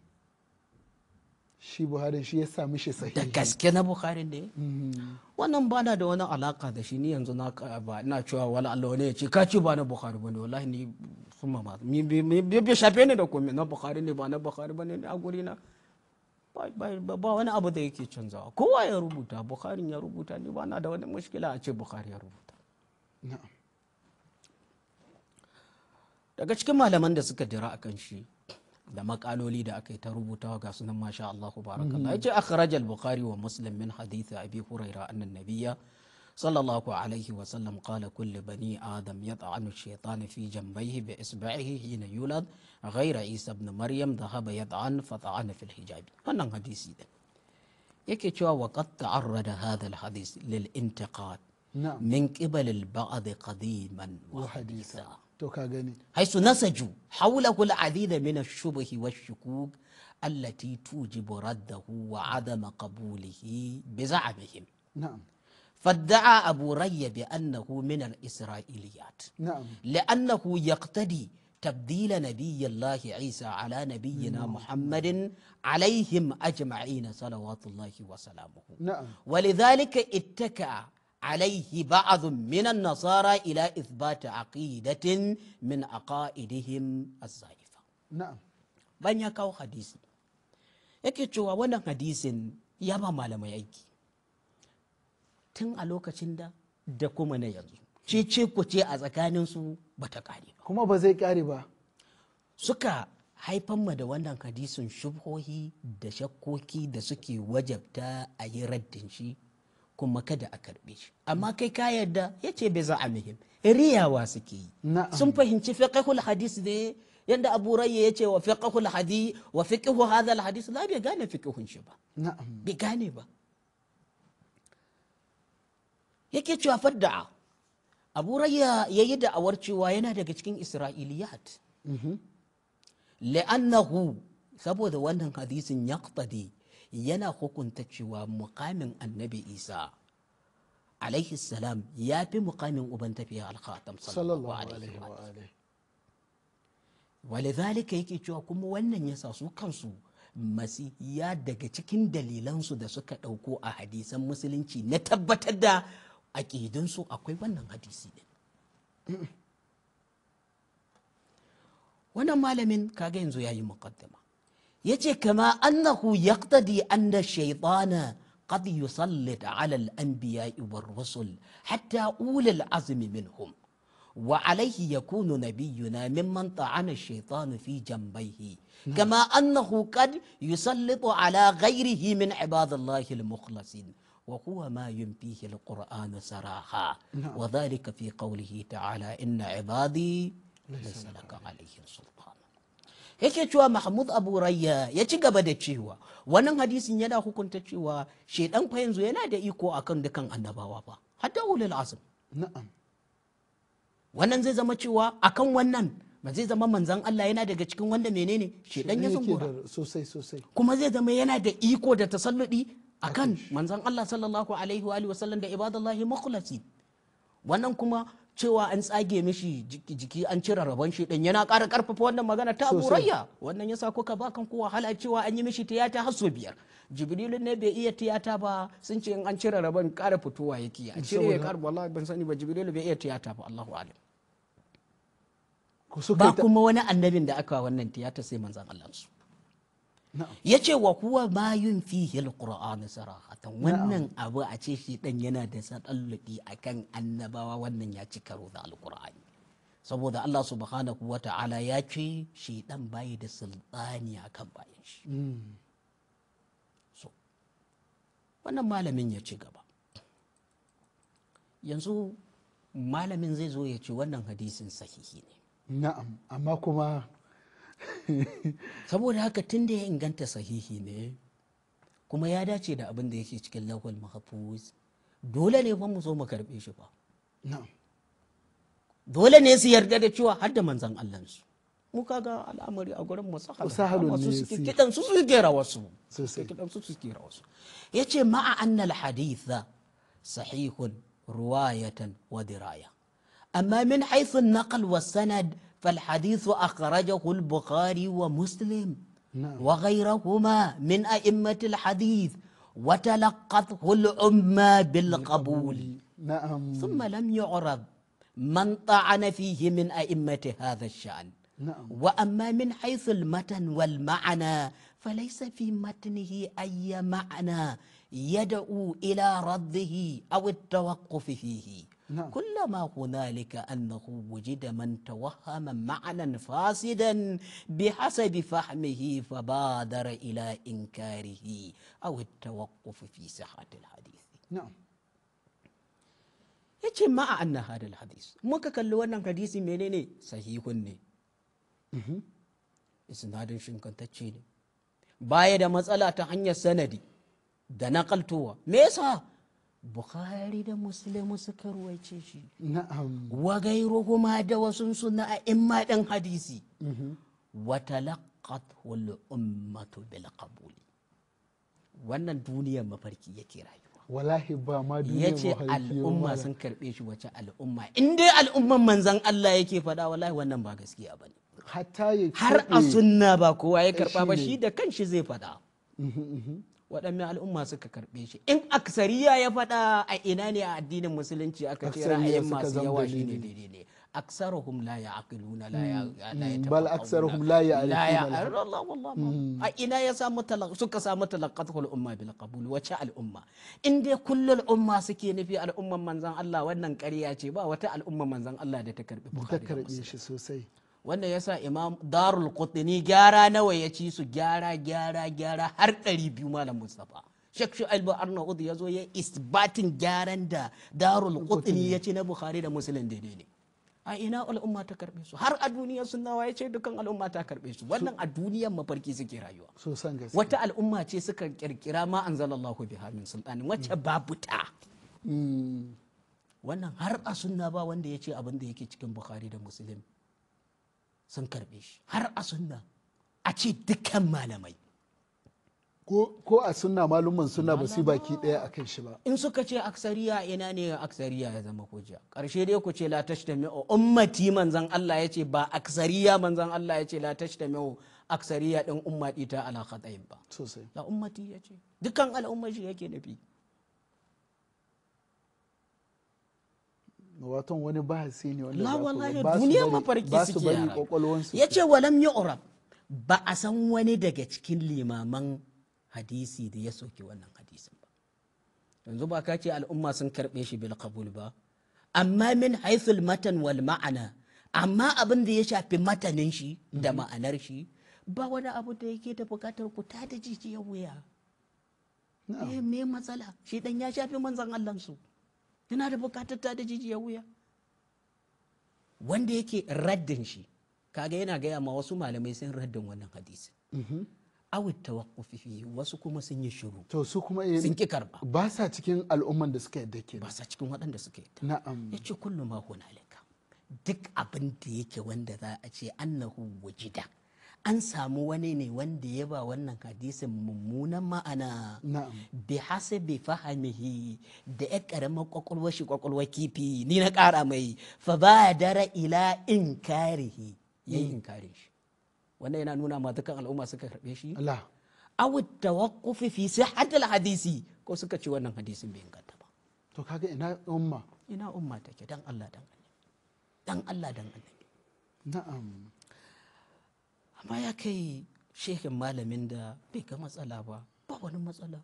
A: shi buhari shi ya sami shi sahihi da
B: gaske na buhari ne mm-hmm. wannan ba na da wani alaka da shi ni yanzu na ba ina cewa wala Allah ne ya ce ka ci ba na buhari bane wallahi ni ma ba mi bi shafe ne da komai na buhari ne ba na buhari bane a guri na ba wani abu da yake canzawa kowa ya rubuta buhari ya rubuta ni ba na da wani mushkila a ce buhari ya rubuta daga cikin malaman da suka dira akan shi da makaloli da aka yi ta rubutawa ga sunan masha Allah barakallah yace akhraj al-bukhari wa muslim min hadith abi hurairah anna nabiyya sallallahu alaihi wa sallam qala kullu bani adam yat'anu ash shaytan fi janbayhi bi isba'ihi hina yulad ghayra isa ibn maryam dhahaba yat'an fa ta'ana fil hijabi wannan hadisi din yake cewa wa qad ta'arrada hadha al-hadith lil intiqad min qibal al-ba'd qadiman wa hadithan to ka gani haisu nasaju hawlahu al'adida min ash-shubhi wash-shukuk allati tujibu raddahu wa qabulihi bi na'am فادعى أبو ري بأنه من الإسرائيليات نعم. لأنه يقتدي تبديل نبي الله عيسى على نبينا نعم. محمد عليهم أجمعين صلوات الله وسلامه نعم. ولذلك اتكأ alaihi بعض من nasara ila isbata عقيدة min عقائدهم الزائفة نعم بني ban ya yake cewa wannan hadisin ya ba malamai aiki tun a lokacin da da kuma na yanzu ce ce ku ce a tsakanin su ta kare ba kuma ba zai kare ba suka haifan ma da wannan hadisin shubhohi da shakkoki da suke wajabta a yi raddin shi kuma kada a karbe shi amma mm. kai ka yarda ya ce bai za a muhim riyawa suke yi sun fahimci fiqhul hadis ne yanda abu rayya ya ce wa fiqhul hadi wa fiqhu hadha al hadis la bai gane fiqhun shi ba na'am bai gane ba yake cewa fadda'a abu rayya yayi da'awar cewa yana daga cikin isra'iliyat mm-hmm. la'annahu saboda wannan hadisin yaqtadi yana hukunta cewa mukamin annabi isa alaihi salam ya fi mukamin uban tafiya alkhatam sallallahu alaihi wa wale zalika yake cewa kuma wannan yasa su kansu masiya daga cikin dalilansu da suka ɗauko a hadisan musulunci na tabbatar da aƙidinsu akwai wannan hadisi ɗin wannan malamin kaga yanzu ya yi يجي كما أنه يقتدي أن الشيطان قد يسلط على الأنبياء والرسل حتى أولي العزم منهم وعليه يكون نبينا ممن طعن الشيطان في جنبيه نعم. كما أنه قد يسلط على غيره من عباد الله المخلصين وهو ما ينفيه القرآن سراحا نعم. وذلك في قوله تعالى إن عبادي ليس لك عليهم سلطان yake cewa mahmud abu rayya ya ci gaba da cewa wannan hadisin yana hukunta cewa shaidan fa yanzu yana da iko akan dukan annabawa ba hatta ulul azm na'am wannan zai zama cewa akan wannan ba zai zama manzan Allah yana daga cikin wanda menene shedan ya zungura
A: sosai sosai
B: kuma zai zama yana da iko da tasalludi akan manzan Allah sallallahu alaihi wa sallam da ibadallahi mukhlasin wannan kuma cewa an tsage mishi jiki an cire rabon shi din yana ƙara ƙarfafa wannan magana ta aburayya wannan yasa kuka ba kan kowa wahala cewa an yi mishi tiyata har so biyar jibrilu ne bai iya tiyata ba sun ce in an cire rabon ƙara fitowa yake a cire ya ƙara wallahi ban sani ba jibrilu bai iya tiyata ba Allahu alim ba kuma wani annabin da aka wannan tiyata sai manzan Allah su ya ce wa kuwa ma yin fihi alqur'ani sarahatan wannan abu a ce shi dan yana da a akan annabawa wannan ya ci karo da alqur'ani saboda Allah subhanahu wa ta'ala ya ce shi dan bayi da sultani akan bayan shi mm. so wannan malamin ya ci gaba yanzu malamin zai zo ya ce wannan hadisin sahihi ne na'am amma kuma saboda haka tun da ya inganta sahihi ne kuma ya dace da abin da yake cikin lawal mahafuz dole ne fa mu zo mu karbe shi ba dole ne su yarda da cewa har da manzan allansu su mu kaga al'amari a gurin masu sahala su suke su suke rawa su suke kidan su suke rawa su yace ma'a anna al-haditha sahihun ruwayatan wa diraya amma min haythu naqal wa sanad فالحديث أخرجه البخاري ومسلم نعم. وغيرهما من أئمة الحديث وتلقته الأمة بالقبول نعم. ثم لم يعرض من طعن فيه من أئمة هذا الشأن نعم. وأما من حيث المتن والمعنى فليس في متنه أي معنى يدعو إلى رده أو التوقف فيه كلما هنالك أنه وجد من توهم معنى فاسدا بحسب فهمه فبادر إلى إنكاره أو التوقف في صحة الحديث نعم yace ma'a anna hadal hadis muka kalli wannan hadisi menene sahihun ne isnadin shinkantacce ne baya da matsala ta hanyar sanadi da naƙaltowa me yasa bukhari da muslimu suka ruwaice shi na'am wa kuma da wasu suna a imma dan hadisi mhm. wa talaqqathu al-ummatu bil qabul wannan duniyar mafarki yake rayuwa
A: wallahi ba ma duniyar yace al'umma sun
B: karbe shi wace al'umma in dai al'umman manzon Allah yake faɗa wallahi wannan ba gaskiya bane hatta har a sunna ba kowa ya karba ba shi da kanshi zai faɗa mhm, mhm. waɗanne al'umma suka karɓe shi in aksariya ya faɗa a ina ne a addinin musulunci aka ce ra'ayin masu yawa shine daidai ne aksaruhum la ya'qiluna la ya mm, bal aksaruhum la ya'rifuna mm. a ina ya samu suka samu talaqatul umma bil qabul wace al'umma in dai kullul umma suke nufi al'umman manzon Allah wannan ƙarya ce ba wata al'umma manzon Allah da ta karbi Bukhari ta karbe shi sosai wanda sa imam darul kutini gyara nawa ya ci su gyara gyara gyara har ɗari biyu malam mustafa shek shu'aibu arnaud ya zo ya isbatin gyaran da darul kutini ya ci na bukhari da musulun daidai ne a ina al'umma ta karbe su har a duniya nawa ya ce dukkan al'umma ta karbe su wannan a duniyan mafarki suke rayuwa wata al'umma ce suka kirkira ma anzalallahu biha min Sultani wacce babu ta hmm. wannan har a sunna ba wanda ya ce abin da yake cikin bukhari da Musulmi. sun karbe shi har a sunna
A: a ce dukkan malamai ko a sunna malumman sunna ba su baki daya a kan shi ba
B: in suka ce aksariya ina ne aksariya ya zama hujja karshe dai ku ce la tashtami'u ummati manzan Allah yace ba aksariya manzan Allah yace ce la tashtami'u aksariya din ummati ta ala khatayin ba sosai la
A: ummati yace
B: dukkan al'ummar shi yake nufi
A: waton wani bahasi ne wanda ba su bari ya ce walam yu'rab
B: ba a san wani daga cikin limaman hadisi da ya soke wannan hadisin ba yanzu ba ka ce al'umma sun karɓe shi bil kabul ba amma min haithul matan wal ma'ana amma abin da ya shafi matanin shi da mhm. ma'anar shi ba wani abu da yake da bukatar ku ta da jijiyar wuya eh, me matsala shi dan ya shafi manzan allansu. tana da bukatar ta da jijiyar wuya wanda yake raddin shi kaga yana gaya ma wasu malamai sun raddin wannan hadisi mm-hmm. awit tawaqqufi wasu kuma sun yi shiru to su kuma sun ki karba ba sa cikin al'umman da suka yadda ke. ba sa cikin waɗanda suka yadda na'am yace kullu ma hunalika duk abin da yake wanda za a ce annahu wajida an samu wani ne wanda ya ba wannan hadisin mummunan ma'ana bi bi fahimihi da ya karama kwakwalwa shi kwakwalwa kifi ni na kara mai fa ba dara ila inkarihi ya yi mm. inkarin shi wannan yana nuna ma dukkan al'umma suka karbe shi awu tawakkufi fi sihhatil hadisi ko suka ci wannan hadisin bai inganta ba to kaga ina umma ina umma take dan Allah dan Allah dan Allah dan Allah na'am amma ya kai shekin malamin da bai ga matsala ba ba wani matsala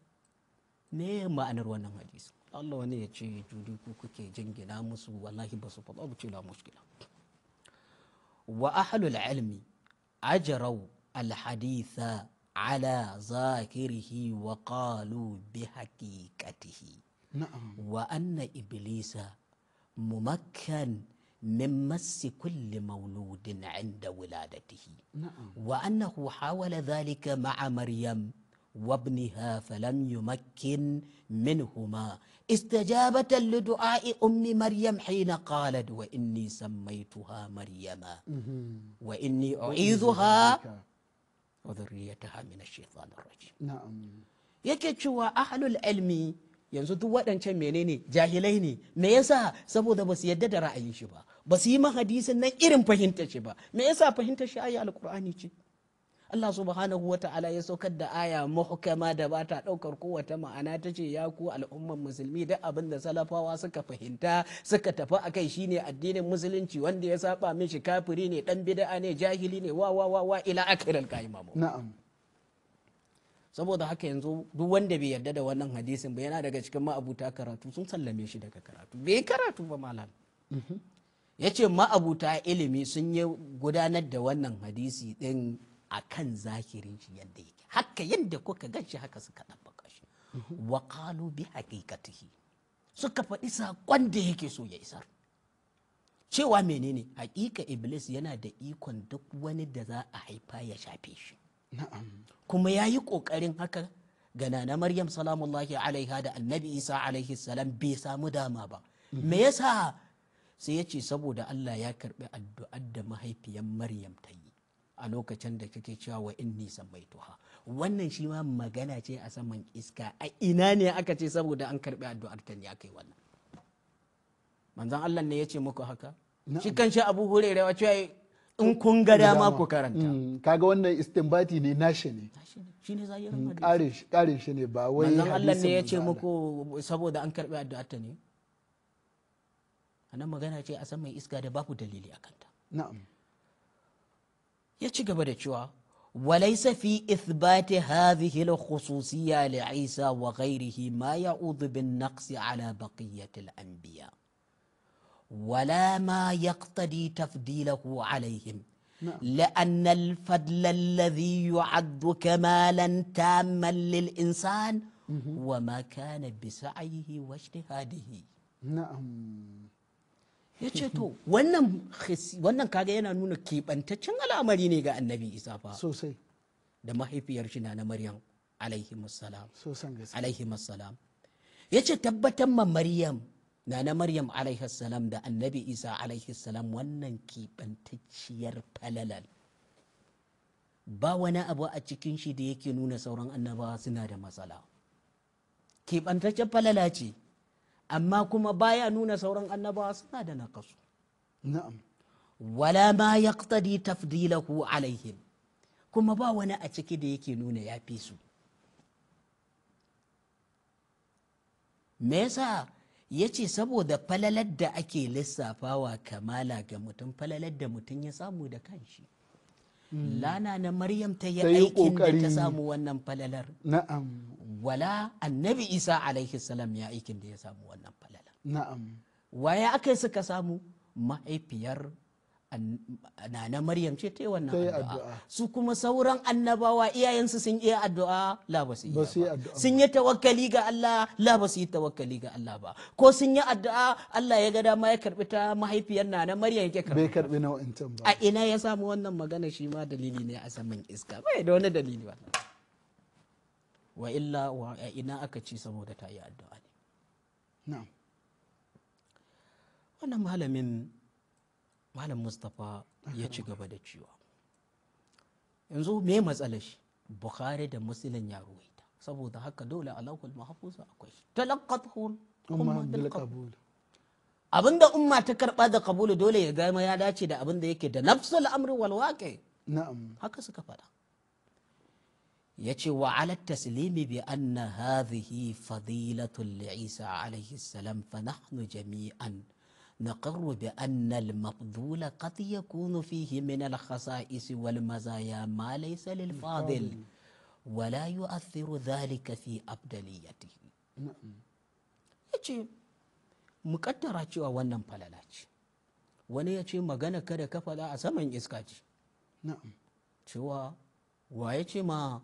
B: ne ma'anar wannan hadisi Allah wani ya ce juri ku kuke jingina musu wallahi ba su faɗa ba ce la mushkila wa ahlul ilmi ajarau al haditha ala zakirihi wa qalu bi haqiqatihi wa anna iblisa mumakkan من مس كل مولود عند ولادته نعم. وأنه حاول ذلك مع مريم وابنها فلم يمكن منهما استجابة لدعاء أم مريم حين قالت وإني سميتها مريم وإني أعيذها وذريتها من الشيطان الرجيم نعم يكتشوا أهل العلم ينزدوا وقتا duk waɗancan menene jahilai ne me yasa saboda ba su yi ma hadisin nan irin fahimtar shi ba me yasa fahimtar shi aya alkur'ani ce Allah subhanahu wa ya saukar da aya muhkama da ba ta daukar kowace ma'ana ta ce ya ku al'umman musulmi da abin da salafawa suka fahimta suka tafi akai shine addinin musulunci wanda ya saba min shi kafiri ne dan bid'a ne jahili ne wa wa wa wa ila akhiril qaimamu na'am saboda haka yanzu duk wanda bai yarda da wannan hadisin ba yana daga cikin ma'abuta karatu sun sallame shi daga karatu bai karatu ba malam mhm. ya ce ma'abuta ilimi sun yi gudanar da wannan hadisi din a kan zahirin shi yadda yake haka yadda kuka gan shi haka suka ɗabbaka shi mhm. wa qalu bi haƙiƙatihi suka faɗi saƙon da yake so ya isar cewa menene haƙiƙa iblis yana da ikon duk wani da za a haifa ya shafe shi kuma ya yi ƙoƙarin haka gana na maryam salamullahi alaiha da annabi isa alaihi salam bai samu dama ba mhm. me yasa sai ya ce saboda Allah ya karbi addu'ar da mahaifiyar Maryam ta yi a lokacin da kake cewa wa inni sammaituha wannan shi ma magana ce a saman iska a ina ne aka ce saboda an karbi addu'ar ta ne aka yi wannan manzon Allah ne ya ce muku haka shi kanshi Abu Hurairah cewa
A: in kun ga dama ku karanta mm, kaga wannan istinbati ne nashi ne shi ne zahirin mm, hadisi ne ba wai manzon Allah ne ya ce
B: muku saboda an karbi addu'ar ta ne anan magana ce a san mai iska da babu dalili a kanta na'am ya ci gaba da cewa وليس في إثبات هذه الخصوصية لعيسى وغيره ما يعوض بالنقص على بقية الأنبياء ولا ما يقتضي تفضيله عليهم نعم. لأن الفضل الذي يعد كمالا تاما للإنسان وما كان بسعيه واجتهاده نعم ya ce to mhm. wannan kaga yana nuna keɓantaccen al'amari ne ga annabi isa fa sosai da mahaifiyar shi na maryam alaihi salam ya ce tabbatar ma maryam na na maryam alaihi salam da annabi isa alaihi salam wannan keɓantacciyar falalal ba wani abu a cikin shi da yake nuna sauran annabawa suna da matsala keɓantaccen falala ce amma kuma baya nuna sauran annabawa suna da nakasu na'am wala ma yaqtadi tafdilahu alaihim kuma ba wani a ciki da yake nuna ya fi su me yasa yace saboda falalar da ake lissafawa kamala ga mutum falalar da mutum ya samu da kanshi hmm. lana na maryam ta yi aikin da ta samu wannan falalar wala annabi isa alaihi salam ya aikin da ya samu wannan falala na'am waye aka suka samu mahaifiyar nana maryam ce ta yi wannan addu'a su kuma sauran annabawa iyayensu sun iya addu'a la ba su addu'a sun yi tawakkali ga Allah la ba su yi tawakkali ga Allah ba ko sun yi addu'a Allah ya ga dama ya karbi ta mahaifiyar nana maryam yake karbi bai karbi
A: na ba a
B: ina ya samu wannan magana shi ma dalili ne a saman iska bai da wani dalili ba wa illa wa ina aka ci saboda ta yi addu'a ne na'am wannan malamin malam mustapha ya ci gaba da cewa yanzu me matsala shi bukhari da musulun ya ruwaita saboda haka dole alaƙul mahafuza akwai shi talaqqathu umma bil qabul abinda umma ta karba da kabulu dole ya gama ya dace da abinda yake da nafsul amri wal waqi na'am haka suka faɗa يجي وعلى التسليم بأن هذه فضيلة لعيسى عليه السلام فنحن جميعا نقر بأن المفضول قد يكون فيه من الخصائص والمزايا ما ليس للفاضل ولا يؤثر ذلك في أبدليته نعم يجي مكتر أجوا ونم بلالاج وني يجي مغانا كده كفا دا سمن إسكاج نعم شوا ويجي ما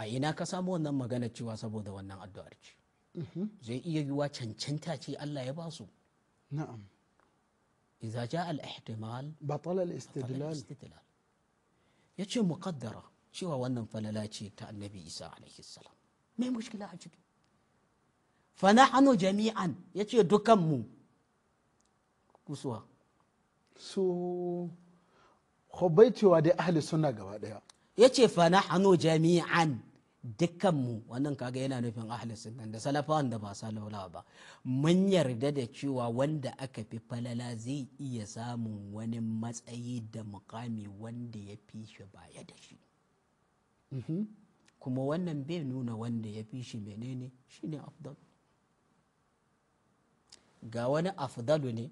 B: a ina ka samu wannan magana cewa saboda wannan addu'ar ce mm-hmm. zai iya yiwa cancanta ce Allah ya ba su na'am idza jaa al-ihtimal batala al-istidlal yace muqaddara cewa wannan falala ce ta annabi Isa alaihi salam me mushkila a ciki
A: fa nahnu jami'an yace dukan mu kusuwa so khobaicewa da ahli sunna gaba daya
B: ya ce fana hannu jami'an dukkanmu wannan kaga yana nufin ahli sunna da salafawan da ba salola ba mun yarda da cewa wanda aka fi falala zai iya samun wani matsayi da mukami wanda ya fi shi baya da shi mm-hmm. kuma wannan bai nuna wanda ya fi shi menene ne afdal ga wani afdalu ne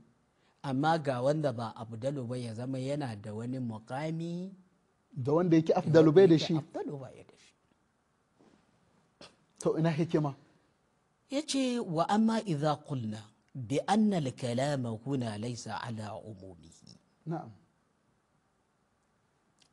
B: amma ga wanda ba afdalu ba ya zama yana da wani mukami da wanda yake afdalu bai da shi to ina hikima ya ce wa amma idza qulna bi anna al-kalama huna laisa ala umumihi na'am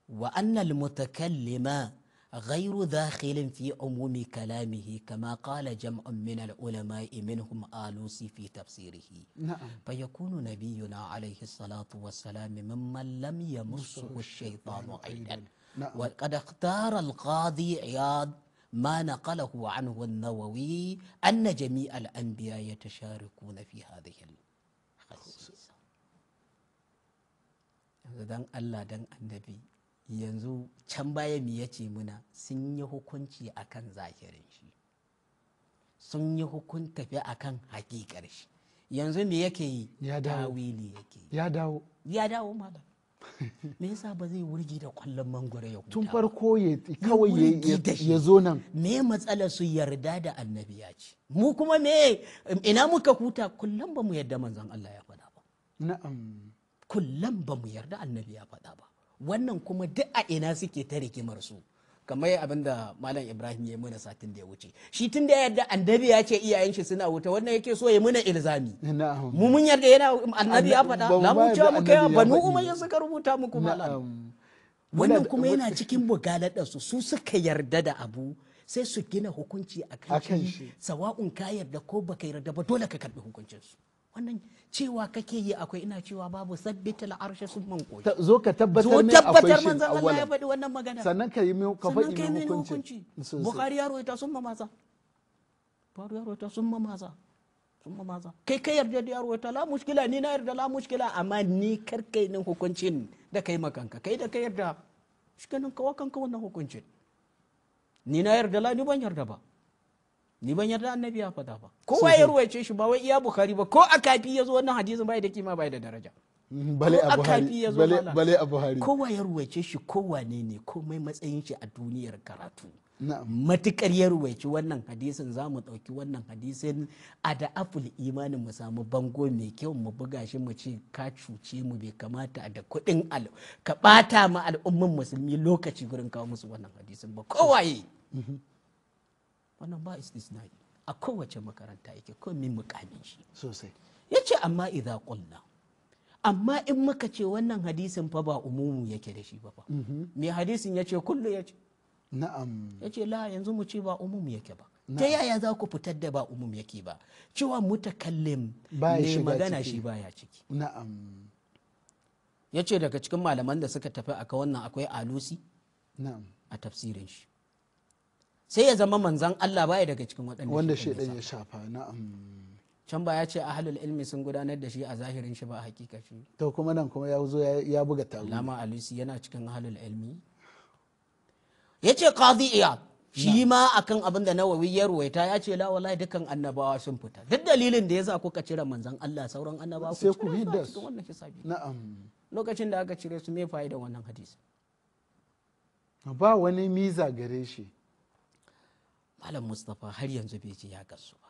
B: wa anna al-mutakallima غير داخل في عموم كلامه كما قال جمع من العلماء منهم آلوسي في تفسيره نعم. فيكون نبينا عليه الصلاة والسلام ممن لم يمسه الشيطان عيدا نعم. وقد اختار القاضي عياض ما نقله عنه النووي أن جميع الأنبياء يتشاركون في هذه الخصيصة dan Allah dan annabi yanzu can baya mi ya ce muna sun yi hukunci a kan zahirin shi sun yi hukun tafi kan hakikar shi yanzu me yake yi ya dawo yake ya dawo ya dawo me yasa ba zai wurgi da kwallon mangoro ya tun
A: farko kawai ya zo nan
B: me matsala su yarda da annabi ya ce mu kuma me ina muka huta kullum ba mu yarda manzon Allah ya faɗa ba na'am kullum ba mu yarda annabi ya faɗa ba wannan kuma duk a ina suke ta rigimar su kamar abin da malam ibrahim ya yi mana satin da ya wuce shi tun da yadda annabi ya ce iyayen shi suna wuta wannan yake so ya muna ilzami mu mun yarda yana annabi ya faɗa na mu cewa muka yawa banu umayya suka rubuta muku malam wannan kuma yana cikin bugaladar su su suka yarda da abu sai su gina hukunci a kan shi sawa'un ka yarda ko baka yarda ba dole ka karbi hukuncin su wannan cewa kake yi akwai ina cewa babu sabbita al'arshe sun man koyi zo ka tabbatar ne akwai shi manzon Allah ya faɗi wannan magana sannan ka yi ka faɗi mai hukunci bukhari ya rawaita sun mamaza bukhari ya rawaita sun mamaza sun maza kai kai yarda da ya la mushkila ni na yarda la mushkila amma ni kar kai nin hukuncin da kai makanka kai da kai yarda shikenan kanin kawakan ka wannan hukuncin ni na yarda la ni ban yarda ba ni ban yarda annabi ya faɗa ba kowa ya ruwaice shi ba wai iya bukhari ba ko a kafi ya zo wannan hadisin bai da kima bai da daraja
A: mm-hmm. bale a buhari bale a buhari kowa
B: ya ruwaice shi kowa ne ne komai matsayin shi a duniyar karatu matukar ya ruwaici wannan hadisin za mu ɗauki wannan hadisin a da aful imanin mu samu bango mai kyau mu buga shi mu ce ka cuce mu bai kamata da kuɗin al ka ɓata ma al'umman musulmi lokaci gurin kawo musu wannan hadisin ba kowaye wannan ba ne a kowace makaranta yake ko min mukamin shi sosai yace amma idza qulna amma in muka ce wannan hadisin fa ba umumu yake da shi ba fa mm-hmm. me hadisin yace kullu yace na'am yace la yanzu mu ce ba umumu yake ba ta yaya za ku fitar da ba umum yake ba cewa mutakallim ne magana shi baya ciki na'am yace daga cikin malaman da suka tafi aka wannan akwai alusi na'am a tafsirin shi sai ya zama manzan Allah baya daga cikin waɗanda wanda ɗan ya shafa na'am can ba ya ce ahlul ilmi sun gudanar da shi a zahirin shi ba a hakika shi
A: to kuma nan kuma ya zo ya buga tabu lama
B: alusi yana cikin ahlul ilmi ce qadi iya shi ma akan abin da nawawi ya ruwaita ya ce la wallahi dukkan annabawa sun fita duk dalilin da yasa kuka cire manzan Allah sauran annabawa sai ku wannan hisabi na'am lokacin da aka cire su me fa'ida wannan hadisi ba wani miza gare shi malam mustapha har yanzu bai ji ya gasu ba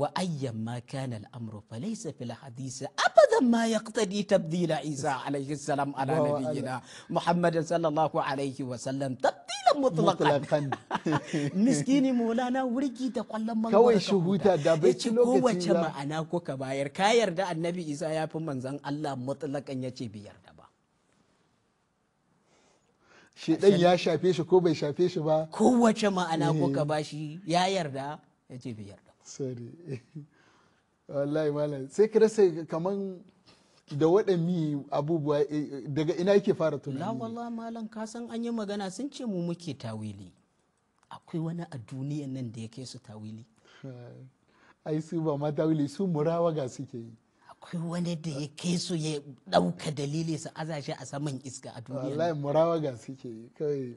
B: wa ayyan ma kana al'amru fa laysa fil hadisi abadan ma yaqtadi tabdil isa alayhi salam ala nabiyina muhammad sallallahu alayhi wa sallam tabdilan mutlaqan miskini mulana wurgi da kwallon manzo kawai shuhuta da bai ci lokacin kowace ma'ana ko ka bayar ka yarda annabi isa ya fi manzon Allah mutlaqan yace bi yarda ba
A: dan ya shafe shi ko bai shafe shi ba kowace ma'ana ko ka eh. bashi ya yarda ya ce bai yarda sorry wallahi malam sai ka rasa kaman da waɗanni abubuwa eh, daga ina yake fara tunani la
B: wallahi malam ka san an yi magana sun ce mu muke tawili akwai wani a duniyan nan da ya kai su tawili ai su ba ma tawili
A: su ga suke yi
B: akwai wani da ya kai su ya ɗauka dalili su azashi a saman iska a duniya wallahi
A: murawaga suke yi kawai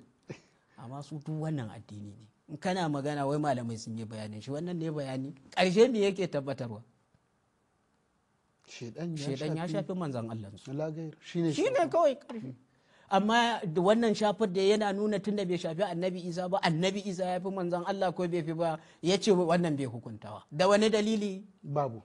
A: amma su duk wannan addini ne
B: in kana magana wai malamai sun yi bayanin shi wannan ne bayani ƙarshe me yake tabbatarwa
A: shedan ya shafi
B: manzan Allah shi ne kawai ƙarfi amma wannan shafar da yana nuna tunda bai shafi annabi isa ba annabi isa ya fi manzan Allah ko bai fi ba ya ce wannan bai hukuntawa da wani dalili babu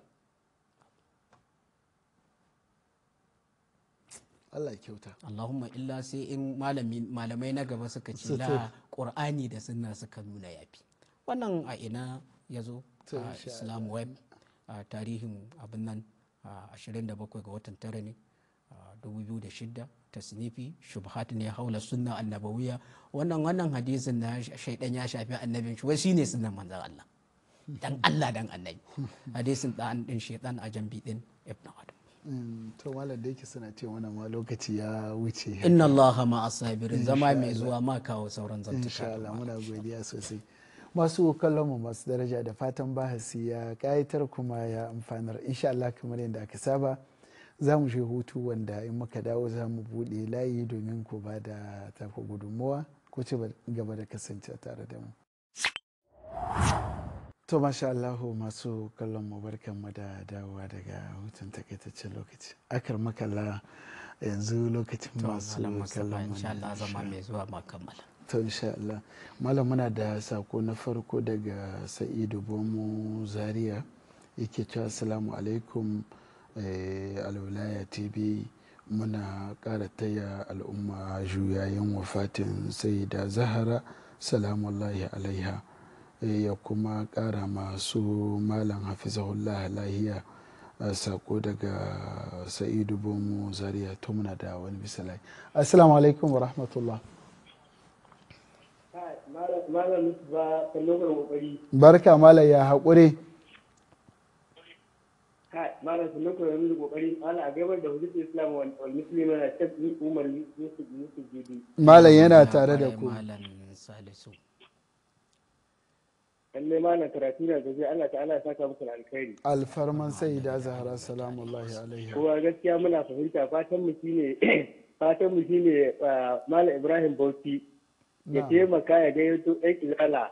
B: Allah kyauta Allahumma illa sai in malamai na gaba suka ce la qur'ani da sunna suka nuna yafi wannan a ina ya zo a islam web a tarihin abin nan 27 ga watan tara ne 2006 tasnifi shubhat ne haula sunna annabawiya wannan wannan hadisin na shaidan ya shafi annabin shi wai shine sunnan manzon Allah dan Allah dan annabi hadisin an din shaidan a jambi din
A: ibn adam to malam da yake suna ce wani ma lokaci ya wuce inna Allah ma asabirin zama mai zuwa ma kawo sauran zantuka insha Allah muna godiya sosai masu kallon mu masu daraja da fatan bahasi ya kayatar kuma ya amfanar insha Allah kamar yadda aka saba za mu je hutu wanda in muka dawo za mu buɗe layi domin ku ba da tafi gudunmuwa ko ci gaba da kasance tare da mu to masha Allahu masu kallon mu barkan mu da dawowa daga hutun takaitacce lokaci akar makalla yanzu lokacin masu kallon mu insha Allah zama mai zuwa makammala to insha Allah malam muna da sako na farko daga Sa'idu Bomu Zaria yake cewa assalamu alaikum eh, alwilaya tv muna ƙara taya al'umma juyayin wafatin sai da zahara salamu alaiha Eh, ya kuma ƙara masu malam hafizahullah lahiya sako daga sa'idu bomu zaria to da wani bisalai assalamu alaikum wa rahmatullah barka malam ya haƙuri
C: malam a da yana tare da ku lalle malam karatu na da zai Allah ta'ala ya saka muku alkhairi
A: alfarman sai da zahara salamu alaihi
C: kuma gaskiya muna fahimta fatan mu shine fatan mu shine uh, malam Ibrahim Bauchi ya taimaka ya ga yato ɗan izala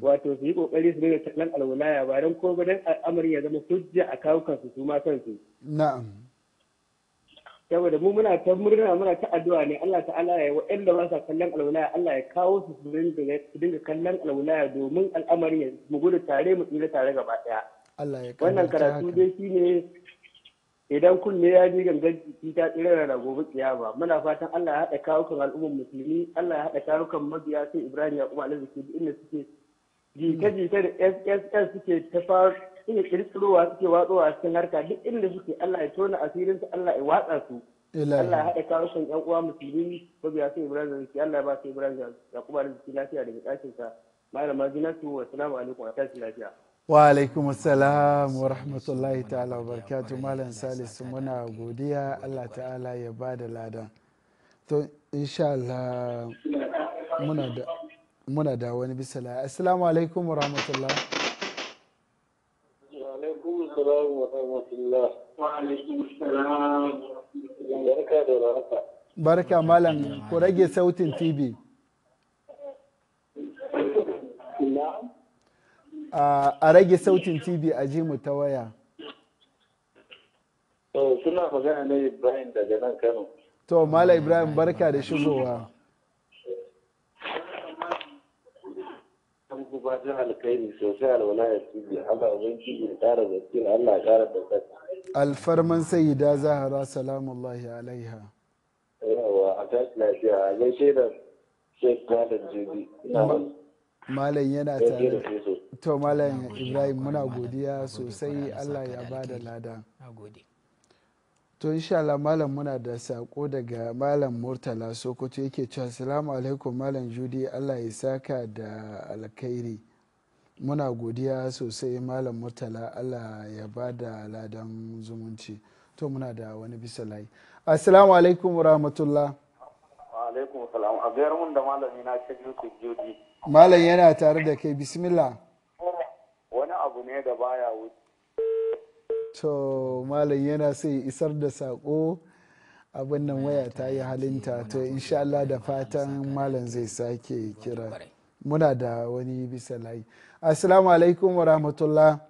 C: wato su yi kokari su daga tallan alwalaya ba don ko ba dan al'amarin ya zama hujja a kawukansu su su ma kansu
A: na'am
C: saboda mu muna ta murna muna ta addu'a ne Allah ta'ala ya wa'anda ba sa kallon alwalaya Allah ya kawo su su dinga kallon alwalaya domin al'amarin ya mu gudu tare mu tsira tare gaba ɗaya
A: wannan karatu
C: dai shine idan kunne ya ji gangan jiki ta tsira da gobe tsiyama muna fatan Allah ya haɗa kawukan al'ummar musulmi Allah ya haɗa kawukan mabiya sai Ibrahim Yakubu Alhaji inda suke jita-jita da SSS suke ta suke kirkirowa suke watsowa cikin harka duk inda suke Allah ya tona asirin su Allah ya watsa su Allah ya haɗa kawo shan ƴan uwa musulmi ko biya su Ibrahim Zaki Allah ya ba su Ibrahim da Arziki lafiya daga ɗakin sa malama Zinatu wa salamu alaikum wa tashi lafiya
A: wa alaikum assalam wa rahmatullahi ta'ala wa barakatuh malam salisu muna godiya Allah ta'ala ya ba da ladan to insha Allah muna da wani bisala assalamu alaikum wa rahmatullahi
C: السلام ورحمة الله وعليكم السلام بركة دورانك
A: بركة مالا كورجي سوتين تي بي نعم a rage sautin TV a ji mu ta waya.
C: to suna magana na Ibrahim daga nan Kano.
A: To, Mala Ibrahim barka da shigowa.
C: an ku fatan alkhairi sosai alwalaya tv Allah ubangiji ya kara gaskiya Allah ya ƙara kara daukaka
A: alfarman sayyida zahara salamullahi alaiha
C: yawa a tashi lafiya a gaishe da sheikh malam jibi
A: malam yana tare to malam ibrahim muna godiya sosai Allah ya bada lada to insha Allah malam muna da sako daga malam Murtala Sokoto yake cewa assalamu alaikum malam Judi Allah ya saka da alkhairi muna godiya sosai malam Murtala Allah ya ba da ladan zumunci to muna da wani bisa layi assalamu alaikum wa rahmatullah
C: wa alaikum salam a gayar mun da malami na ce Yusuf Judi
A: malam yana tare da kai bismillah
C: wani abu ne da baya wuce
A: to malam yana sai isar da sako abin nan waya ta yi halinta to insha Allah da fatan malam zai sake kira muna da wani bisa layi assalamu alaikum wa rahmatullah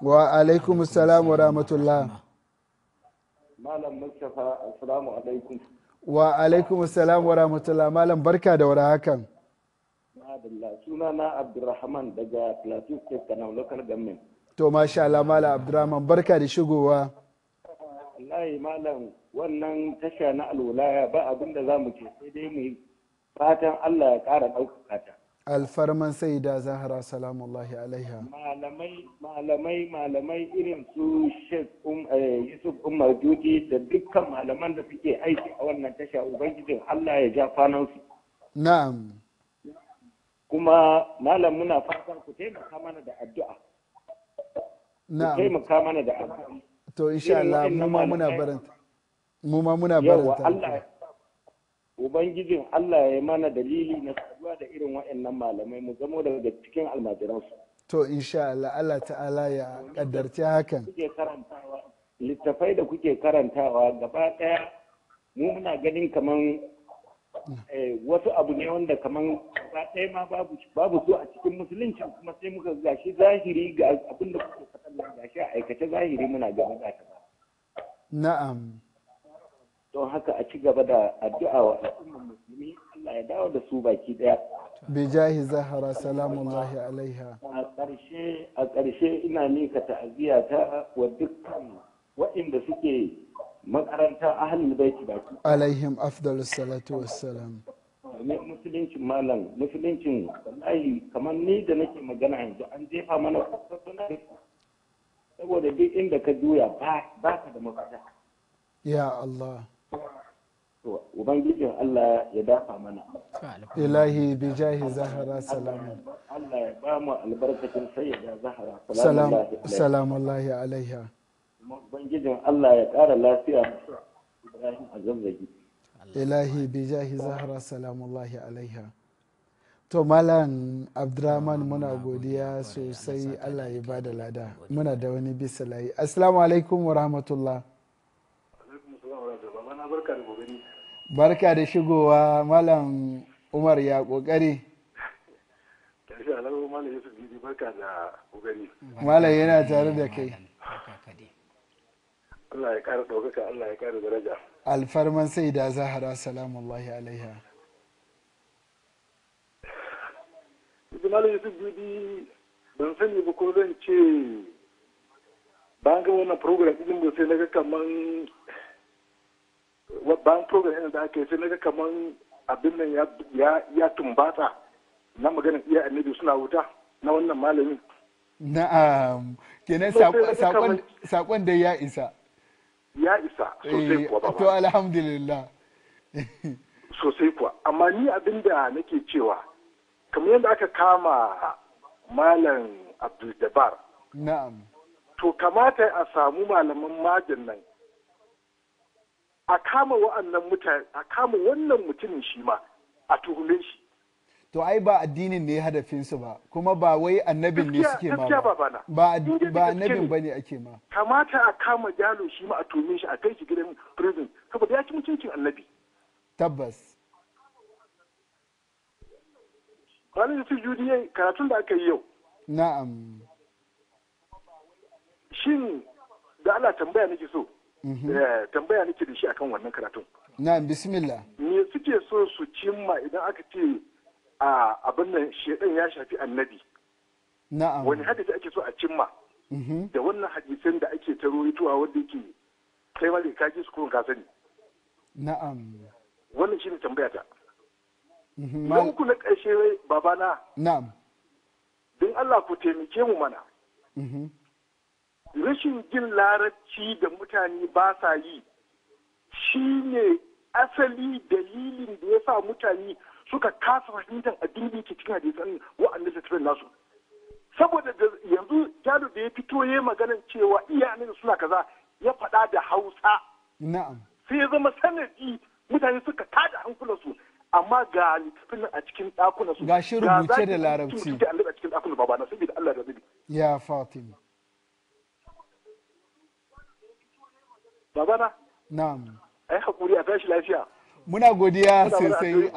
A: wa alaikum assalam wa rahmatullah
C: malam mustapha assalamu alaikum
A: wa alaikum assalam wa rahmatullah malam barka da wara hakan
C: Alhamdulillah suna na Abdulrahman daga Plateau State Kanau Local Government.
A: to masha Allah mala abdurrahman barka da shigowa
C: wallahi malam wannan tasha na alwulaya ba abin da mu ke, sai dai mu fatan Allah ya ƙara ɗaukaka ta
A: alfarman sai da zahara salamullahi
C: alaiha malamai malamai malamai irin su shek eh, yusuf umar duti da dukkan malaman da suke aiki a wannan tasha ubangijin Allah ya ja fanansu
A: na'am
C: kuma malam muna fatan ku taimaka mana da addu'a
A: na taimaka mana da abu to insha Allah mu ma muna baranta mu ma muna baranta Allah
C: ubangijin Allah ya mana dalili na saduwa da irin waɗannan malamai mu zamo daga cikin almajiransu
A: to insha Allah Allah ta'ala ya kaddarci hakan
C: littafai da kuke karantawa gaba daya mu muna ganin kaman Eh, wasu abu ne wanda kamar ba ɗaya ma babu babu su a cikin musulunci kuma sai muka gashi zahiri ga abin da kuke faɗa gashi a aikace zahiri muna game da ta
A: na'am
C: don haka a ci gaba da addu'a wa al'ummar musulmi Allah ya dawo da su baki daya
A: bi jahi zahara salamullahi alaiha
C: a ƙarshe a ƙarshe ina mika ta'aziyya ta wa dukkan waɗanda suke makarantar ahalin baiti ba ku
A: alaihim afdal salatu wassalam
C: ne musuluncin malam musuluncin wallahi kamar ni da nake magana yanzu an jefa mana kusurtuna saboda duk inda ka juya ba ka da mafita
A: ya Allah
C: ubangijin Allah ya dafa mana
A: ilahi bi jahi zahara salamu
C: Allah ya ba mu albarkacin sayyida zahara salamu
A: alaiha
C: ubangijin Allah ya ƙara lafiya Ibrahim a zamzaji.
A: ilahi bi jahi zahra salamullahi alaiha to malam abdurrahman muna godiya sosai allah ya bada lada muna da wani bisa layi assalamu alaikum wa rahmatullah barka da shigowa malam umar ya kokari
C: malam yana tare da kai Allah ya ƙara ɗaukaka Allah ya ƙara daraja
A: alfarman sai da zahara salamun salamullahi alaiha
C: Malam Yusuf Bibi ban sani ba ko zan ce bayan gama wannan program ɗin ba sai naga kaman bayan program ɗin da aka yi sai naga kaman abin nan ya tumbata na maganin iya annabi suna wuta na wannan malamin.
A: Na'am, kenan saƙon da ya isa.
C: ya isa sosai kuwa ba eh, to
A: alhamdulillah
C: sosai kuwa amma ni abin da nake cewa kamar yadda aka kama malam abdul dabar na'am to kamata a samu malaman majin nan a kama wannan mutumin shi ma a tuhumin shi
A: to ai ba addinin ne hadafinsu ba kuma ba wai annabin ne suke ma ba ba annabin ba ne ake ma
C: kamata a kama jalo shi ma a tome shi a kai shi gidan prison saboda ya ci mutuncin annabi tabbas Kwalin su judi karatun da aka yi yau
A: na'am
C: shin da ala tambaya nake so mhm. eh, tambaya nake da shi akan wannan karatun
A: na'am bismillah
C: me suke so su cimma idan aka ce a abin nan shedan ya shafi annabi
A: na'am wani hadisi
C: ake so a cimma mhm. da wannan hadisin da ake taro ruwaitowa wanda yake kai ma ka ji su ka sani na'am wannan shine tambaya ta
A: mhm, na uku
C: na ƙarshe babana na'am don Allah ku taimake mu mana mhm. rashin jin larabci da mutane ba sa yi shi ne asali dalilin da ya sa mutane suka kasa fahimtar addini da yake cikin hadisan wa'annan littattafan nasu saboda yanzu jalo da ya fito ya maganan cewa iyayen suna kaza ya faɗa da hausa na'am sai ya zama sanadi mutane suka tada su amma ga littattafan a cikin ɗakuna su ga shi rubuce da larabci ga a cikin ɗakunan babana saboda Allah da zabi
A: ya fatima babana na'am
C: ai hakuri a tashi lafiya
A: muna godiya sosai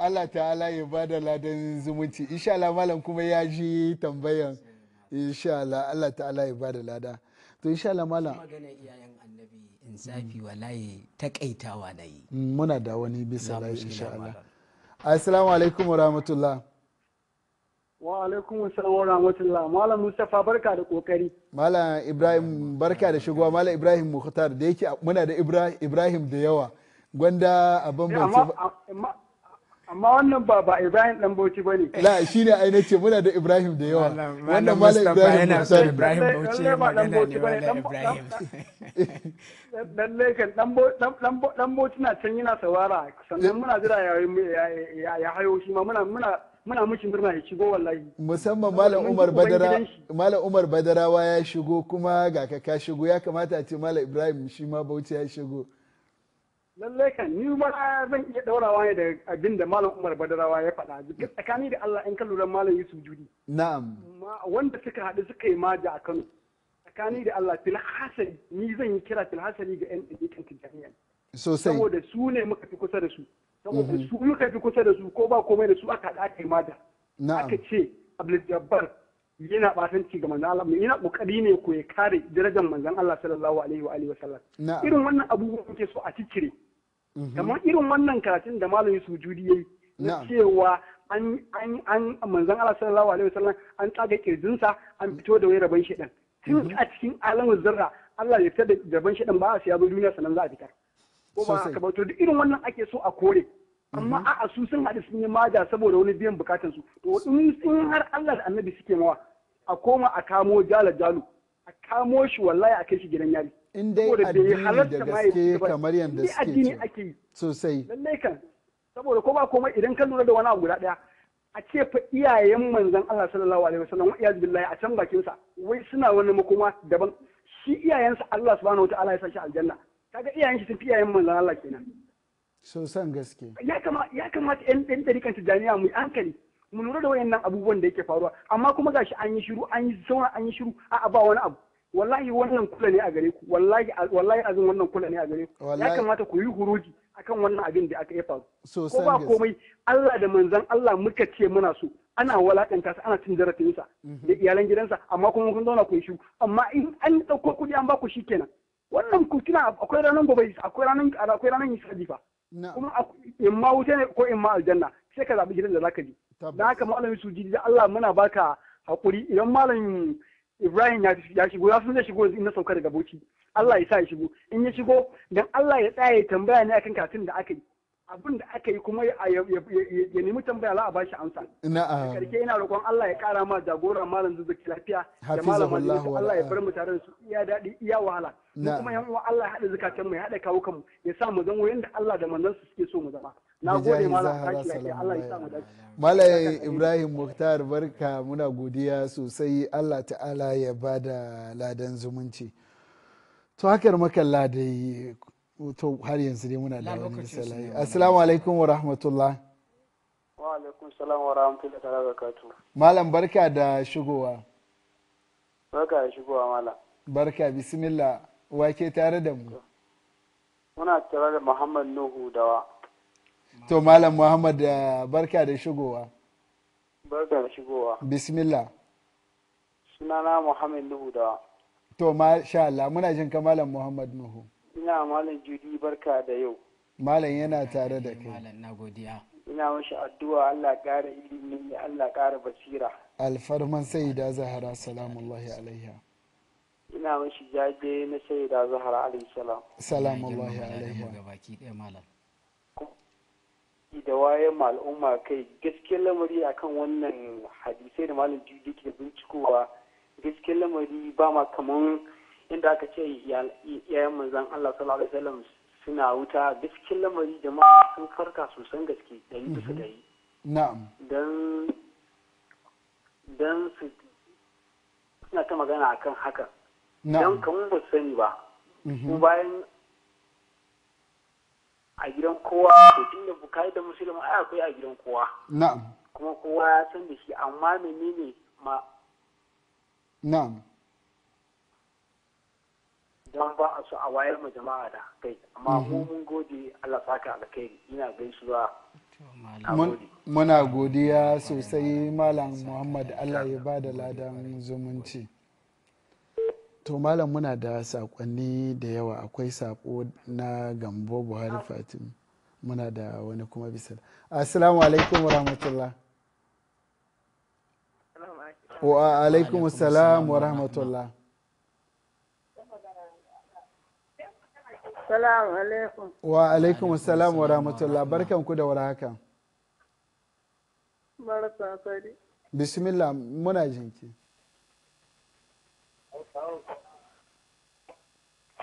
A: Allah ta'ala ya ba da ladan zumunci insha Allah malam kuma ya ji tambayan insha Allah Allah ta'ala ya ba da lada to insha Allah malam magana iyayen
B: annabi insafi wallahi takaitawa nayi
A: mm, muna da wani bisa lai insha Allah assalamu alaikum wa rahmatullah
C: wa alaikum assalam wa rahmatullah malam mustafa barka da kokari
A: malam ibrahim barka da shigowa malam ibrahim mukhtar da yake muna da ibrahim da yawa gwanda a bambance
C: ba
A: amma wannan ba ba Ibrahim ɗan Bauchi ne. la ne aina ce muna da Ibrahim da yawa
C: wannan malam Ibrahim yana so Ibrahim Bauchi ya magana ne wannan Ibrahim ba ne. dan dan ɗan Bauchi na can yana sawara sannan muna jira ya hayo shi ma muna muna muna mushi murna ya shigo wallahi
A: musamman malam Umar Badara malam Umar Badarawa ya shigo kuma ga ka ka shigo ya kamata a ce malam Ibrahim shi ma Bauchi ya shigo
C: lallai kan ni ma zan iya daurawa ne daga abin da malam umar badarawa ya faɗa tsakani da allah in ka lura malam yusuf judi na'am wanda suka haɗu suka yi maja a kano tsakani da allah hasari ni zan yi kira hasari ga yan ɗabi'an tijjaniya sosai saboda su ne muka fi kusa da su saboda mhm. su muka fi kusa da su ko ba komai da su aka aka yi maja aka ce abdul jabbar yana batanci ga manzon Allah yana kokari ne ko ya kare darajar manzon Allah sallallahu alaihi wa alihi wa sallam irin wannan abubuwan ke so a cikire Mhm. kamar irin wannan karatun da malamin sujudi yi na cewa an an an manzon Allah sallallahu alaihi wasallam an tsaga kirjinsa an fito da wayar rabon shi tun mhm. a cikin alamin zarra Allah ya fitar da rabon shi ba a ya duniya sanan za a fitar ko ba haka ba duk irin wannan ake so a kore amma mhm. a'a su sun haɗu sun yi maja saboda wani biyan bukatun su to in sun har Allah da Annabi suke mawa a koma a kamo jala jalu a kamo shi wallahi a kai shi gidan yari in dai addini da gaske
A: kamar yadda suke ce sosai
C: lallai kan saboda ko ba komai idan ka lura da wani abu guda daya a ce fa iyayen manzon Allah sallallahu alaihi wasallam iyaz billahi a can bakin sa wai suna wani makoma daban shi iyayen sa Allah subhanahu wataala ya sanshi shi aljanna kaga iyayen shi sun fi iyayen manzon Allah kenan so
A: san gaske
C: ya kamata ya kamata ɗan ɗan ɗarikan tijaniya mu hankali mu lura da wayannan abubuwan da yake faruwa amma kuma gashi an yi shiru an yi sauna an yi shiru a'a ba wani abu wallahi wannan kula ne a gare ku wallahi wallahi azin wannan kula ne a gare ku ya kamata ku yi huruji akan wannan abin da aka yi faru ko ba komai Allah da manzon Allah muka ce muna so ana walakanta sa ana cin zarafinsa mhm. da iyalan gidansa amma kuma kun zauna yi shi amma in an dauko kuɗi an ba ku shikenan wannan ku tuna akwai ranar gobe akwai ranar akwai ranar hisabi fa kuma in ma wuta ne ko in ma aljanna sai ka zabi gidan da zaka ji na haka malami su ji da Allah muna baka hakuri idan malamin Ibrahim ya shigo ya sun zai shigo in na sauka daga boci Allah ya sa ya shigo in ya shigo dan Allah ya tsaya ya tambaya ne akan katin da aka yi abin da aka yi kuma ya nemi tambaya za a bashi amsa
A: na'am karke
C: ina roƙon Allah ya kara ma jagora malam zuzuki lafiya da malam Allah ya bar mu tare da su iya daɗi iya wahala kuma yan uwa Allah ya haɗa zakatan mu ya haɗa kawo kanmu ya sa mu zama yanda Allah da manzon suke so mu zama na gode
A: malam ibrahim muktar barka muna godiya sosai allah ta'ala ya ba da ladan zumunci to hakar makalla dai to har yanzu dai muna da wani misalai assalamu alaikum wa rahmatullah
C: wa alaikum salam wa rahmatullah ta barakatu
A: malam barka da shigowa
C: barka da shigowa malam
A: barka bismillah wake tare da mu
C: muna tare da muhammad nuhu dawa
A: to malam muhammad eh, barka da shigowa
C: barka da shigowa
A: bismillah
C: sunana muhammad nuhu da
A: to masha Allah muna jin ka malam muhammad nuhu
C: ina malam judi barka da yau
A: malam yana tare da kai malam
C: na godiya ina mashi addu'a Allah ƙara ilimi Allah ƙara basira
A: alfarman sayyida zahara salamullahi alaiha
C: ina mashi jaje na sayyida zahara alaihi salam salamullahi alaiha da wayan ma al'umma kai gaskiyar lamari akan wannan hadisai da malam jirgin ke bincikowa gaskiyar lamari ba ma kaman inda aka ce iyayen manzan Allah sallallahu alaihi wasallam suna wuta gaskiyar lamari jama'a sun farka sosan gaske dari bisa dari mhm. na'am dan dan su suna ta magana akan haka dan kamun ba su sani ba mhm. bayan a gidan kowa to tunda bukari da musulmi ai akwai a gidan kowa na'am kuma kowa ya san da shi amma menene ma na'am don ba a so a wayar ma jama'a da kai amma mu mhm. mun gode Allah saka alkhairi ina gaisuwa
A: muna godiya sosai malam muhammad Allah ya ba da ladan zumunci to malam muna da sakonni da yawa akwai sako na gambo buhari fatim muna da wani kuma bisa assalamu alaikum wa rahmatullah wa alaikum salam wa rahmatullah wa alaikum salam wa rahmatullah barkan ku da wani haka bismillah muna jinki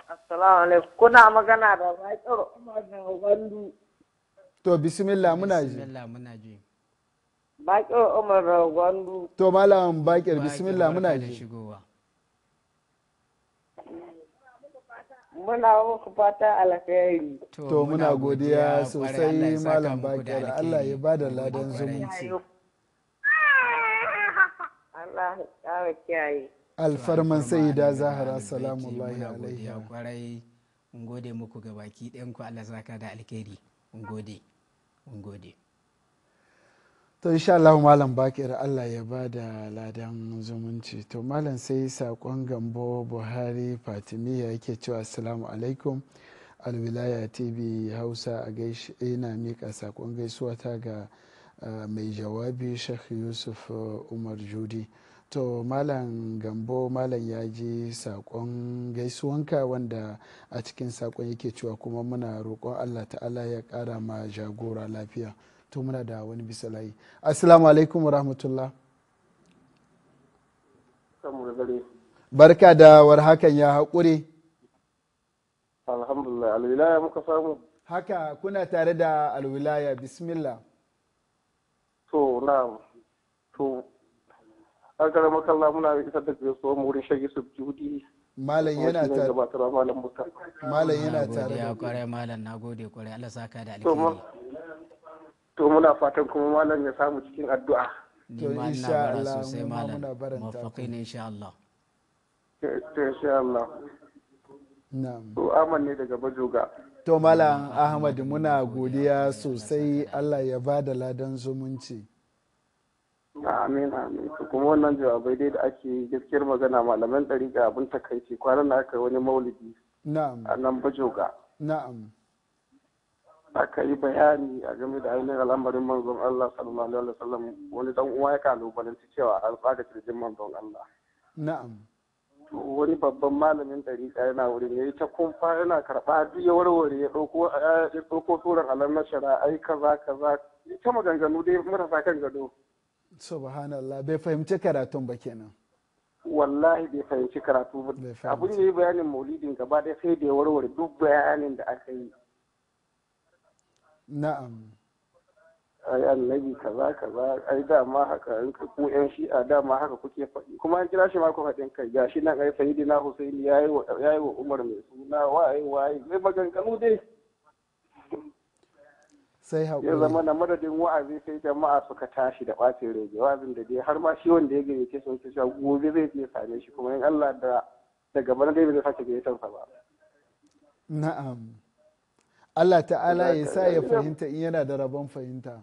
C: Assalamu alaikum. Kuna magana da Bakir umarnin da Gwandu.
A: To bismillah muna ji. Bismillah
C: muna ji. Gwandu.
A: To malam Bakir bismillah muna ji.
C: Muna muku fata alkhairi. To muna godiya sosai malam Bakir
A: Allah ya bada ladan zumunci.
C: Allah ya kiyaye.
A: alfarman sayyida zahara salamullahi alaiha kwarai
B: muku ga baki ɗayan Allah zaka da alkhairi mun gode gode
A: to insha Allah malam bakir Allah ya ba da ladan zumunci to malam sai sakon gambo Buhari Fatimiya yake cewa assalamu alaikum alwilaya tv hausa a gaishe eh, ina mika sakon gaisuwa ta ga eh, mai jawabi Sheikh Yusuf eh, Umar Judi. to malam gambo malam ya ji sakon gaisuwanka wanda a cikin sakon yake cewa kuma muna roƙon allah ta'ala ya ƙara ma jagora lafiya to muna da wani bisa layi assalamu alaikum wa rahmatullah barka da war hakan ya haƙure
C: alhamdulillah alwilaya muka samu
A: haka kuna tare da alwilaya bismillah
C: to na to akara makalla muna isar da so mu wurin shagi su judi
A: malam yana tare
C: malam yana tare ya
B: kware malam nagode kware Allah saka da alkhairi
C: to muna fatan kuma malam ya samu cikin addu'a
A: to insha Allah muna baranta mafaqin insha Allah
C: to insha Allah na'am to aman ne daga bajoga
A: to malam ahmad muna godiya sosai Allah ya bada ladan zumunci
C: amin amin kuma wannan jawabai dai da ake gaskiyar magana malaman ɗariƙa abin takaici kwanan da aka wani maulidi a nan bajoga na'am aka yi bayani a game da ainihin al'amarin manzon Allah sallallahu alaihi wasallam wani dan uwa ya kalubalanci cewa an tsaga jirgin manzon Allah na'am to wani babban malamin ɗariƙa yana wurin yayi ta kumfa yana karɓa duk ya warware ya ɗauko ya ɗauko turar alamar shara kaza kaza ita maganganu dai marasa kan gado
A: subhanallah bai fahimci karatun ba kenan
C: wallahi bai fahimci karatu ba abin da ya bayanin maulidin gaba da sai da ya warware duk bayanin da aka yi
A: na'am
C: ai annabi kaza kaza ai ma haka in ka ku yan da ma haka kuke faɗi kuma an kira shi ma ku faɗin kai gashi nan ai sayyidina husaini yayi yayi umar mai suna waye waye mai maganganu dai sai haƙuri ya zama na madadin wa'azi sai jama'a suka tashi da ɓacin rai wa'azin da dai har ma shi wanda ya gayyace shi wata cewa gobe zai je same shi kuma in Allah da daga bana dai bai sake gayyatar sa ba
A: na'am Allah ta'ala ya sa ya fahimta in yana da rabon fahimta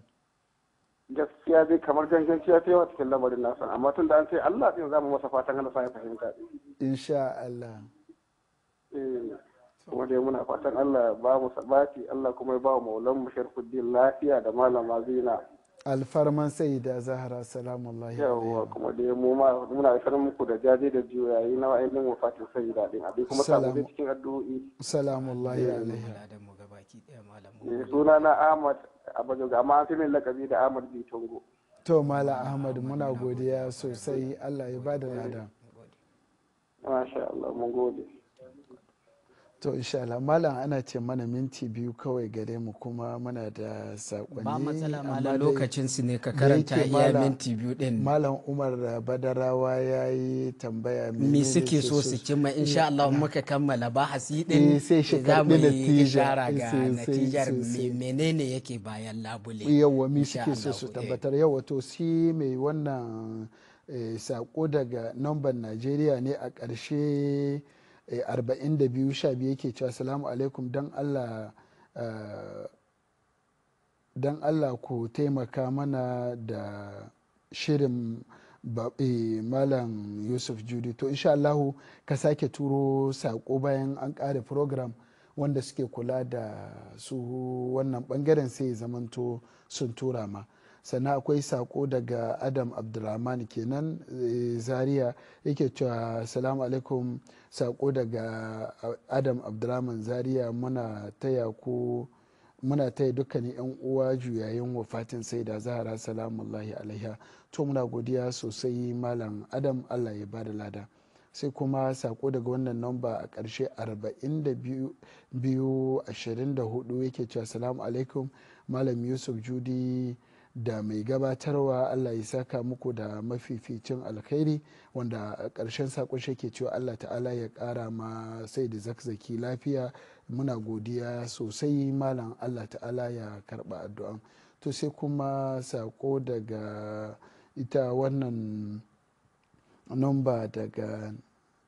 C: gaskiya zai kamar ciya ta yawa cikin lamarin nasa amma tun da an ce Allah din za mu masa fatan hana sa ya fahimta
A: insha Allah
C: eh. kuma dai muna fatan Allah ba mu sabati Allah kuma ba mu maulan mu sharfuddin lafiya da malama zina
A: alfarman sai da zahara salamu alaihi yawa
C: kuma dai mu ma muna isar muku da jaje da juyayi na wa'annan wafatin sai da din abin kuma ta dai cikin addu'o'i
A: salamu alaihi alaihi
C: suna na Ahmad Abajoga amma an fi min lakabi da Ahmad tongo
A: to mala Ahmad muna godiya sosai Allah ya bada ladan
C: masha Allah mun gode
A: to insha Allah malam ana ce mana minti biyu kawai gare mu kuma muna da sakonni ba matsala malam lokacin
B: su ne ka karanta iya minti biyu din
A: malam Umar Badarawa yi tambaya me suke so su cimma insha Allah muka kammala ba hasi din eh,
B: sai shi ga natija ga natijar
A: menene yake bayan labule yawa me suke so su eh. tabbatar yawa to si mai wannan eh, sako daga namban Najeriya ne a ƙarshe Eh, arba'in da biyu sha biyu yake cewa salamu alaikum don allah eh, don allah ku taimaka mana da shirin eh, malam yusuf judy to insha allahu ka sake turo saƙo bayan an ƙare program wanda suke kula da su wannan bangaren sai zamanto sun tura ma sannan akwai sako daga adam abdulrahman kenan eh, zaria yake cewa salamu alaikum sako daga eh, adam abdulrahman zaria muna taya ku muna taya dukkanin 'yan uwa juyayin wafatin sai da zahara salamullahi alaiha to muna godiya sosai malam adam allah ya bada lada sai kuma sako daga wannan namba a ƙarshe 24 yake cewa salamu alaikum malam yusuf judi da mai gabatarwa allah ya saka muku da mafificin alkhairi wanda ƙarshen sakon shi ke cewa allah ta'ala ya ƙara ma sai da zakzaki lafiya muna godiya sosai malam allah ta'ala ya karɓa addu'an to sai kuma sako daga ita wannan nomba daga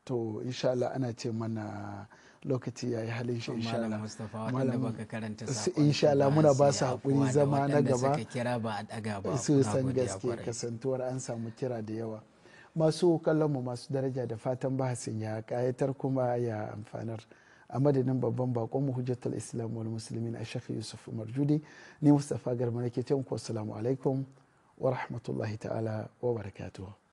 A: to insha Allah ana ce mana lokaci ya yi halin shi in malam muna ba su haƙuri zama na gaba su san gaske kasantuwar an samu kira da yawa masu kallon mu masu daraja da fatan bahasin ya kayatar kuma ya amfanar a madadin babban bakon mu hujjatul islam wal muslimin ashakh yusuf umar judi ni mustafa garba nake ce muku assalamu alaikum wa rahmatullahi ta'ala wa barakatuhu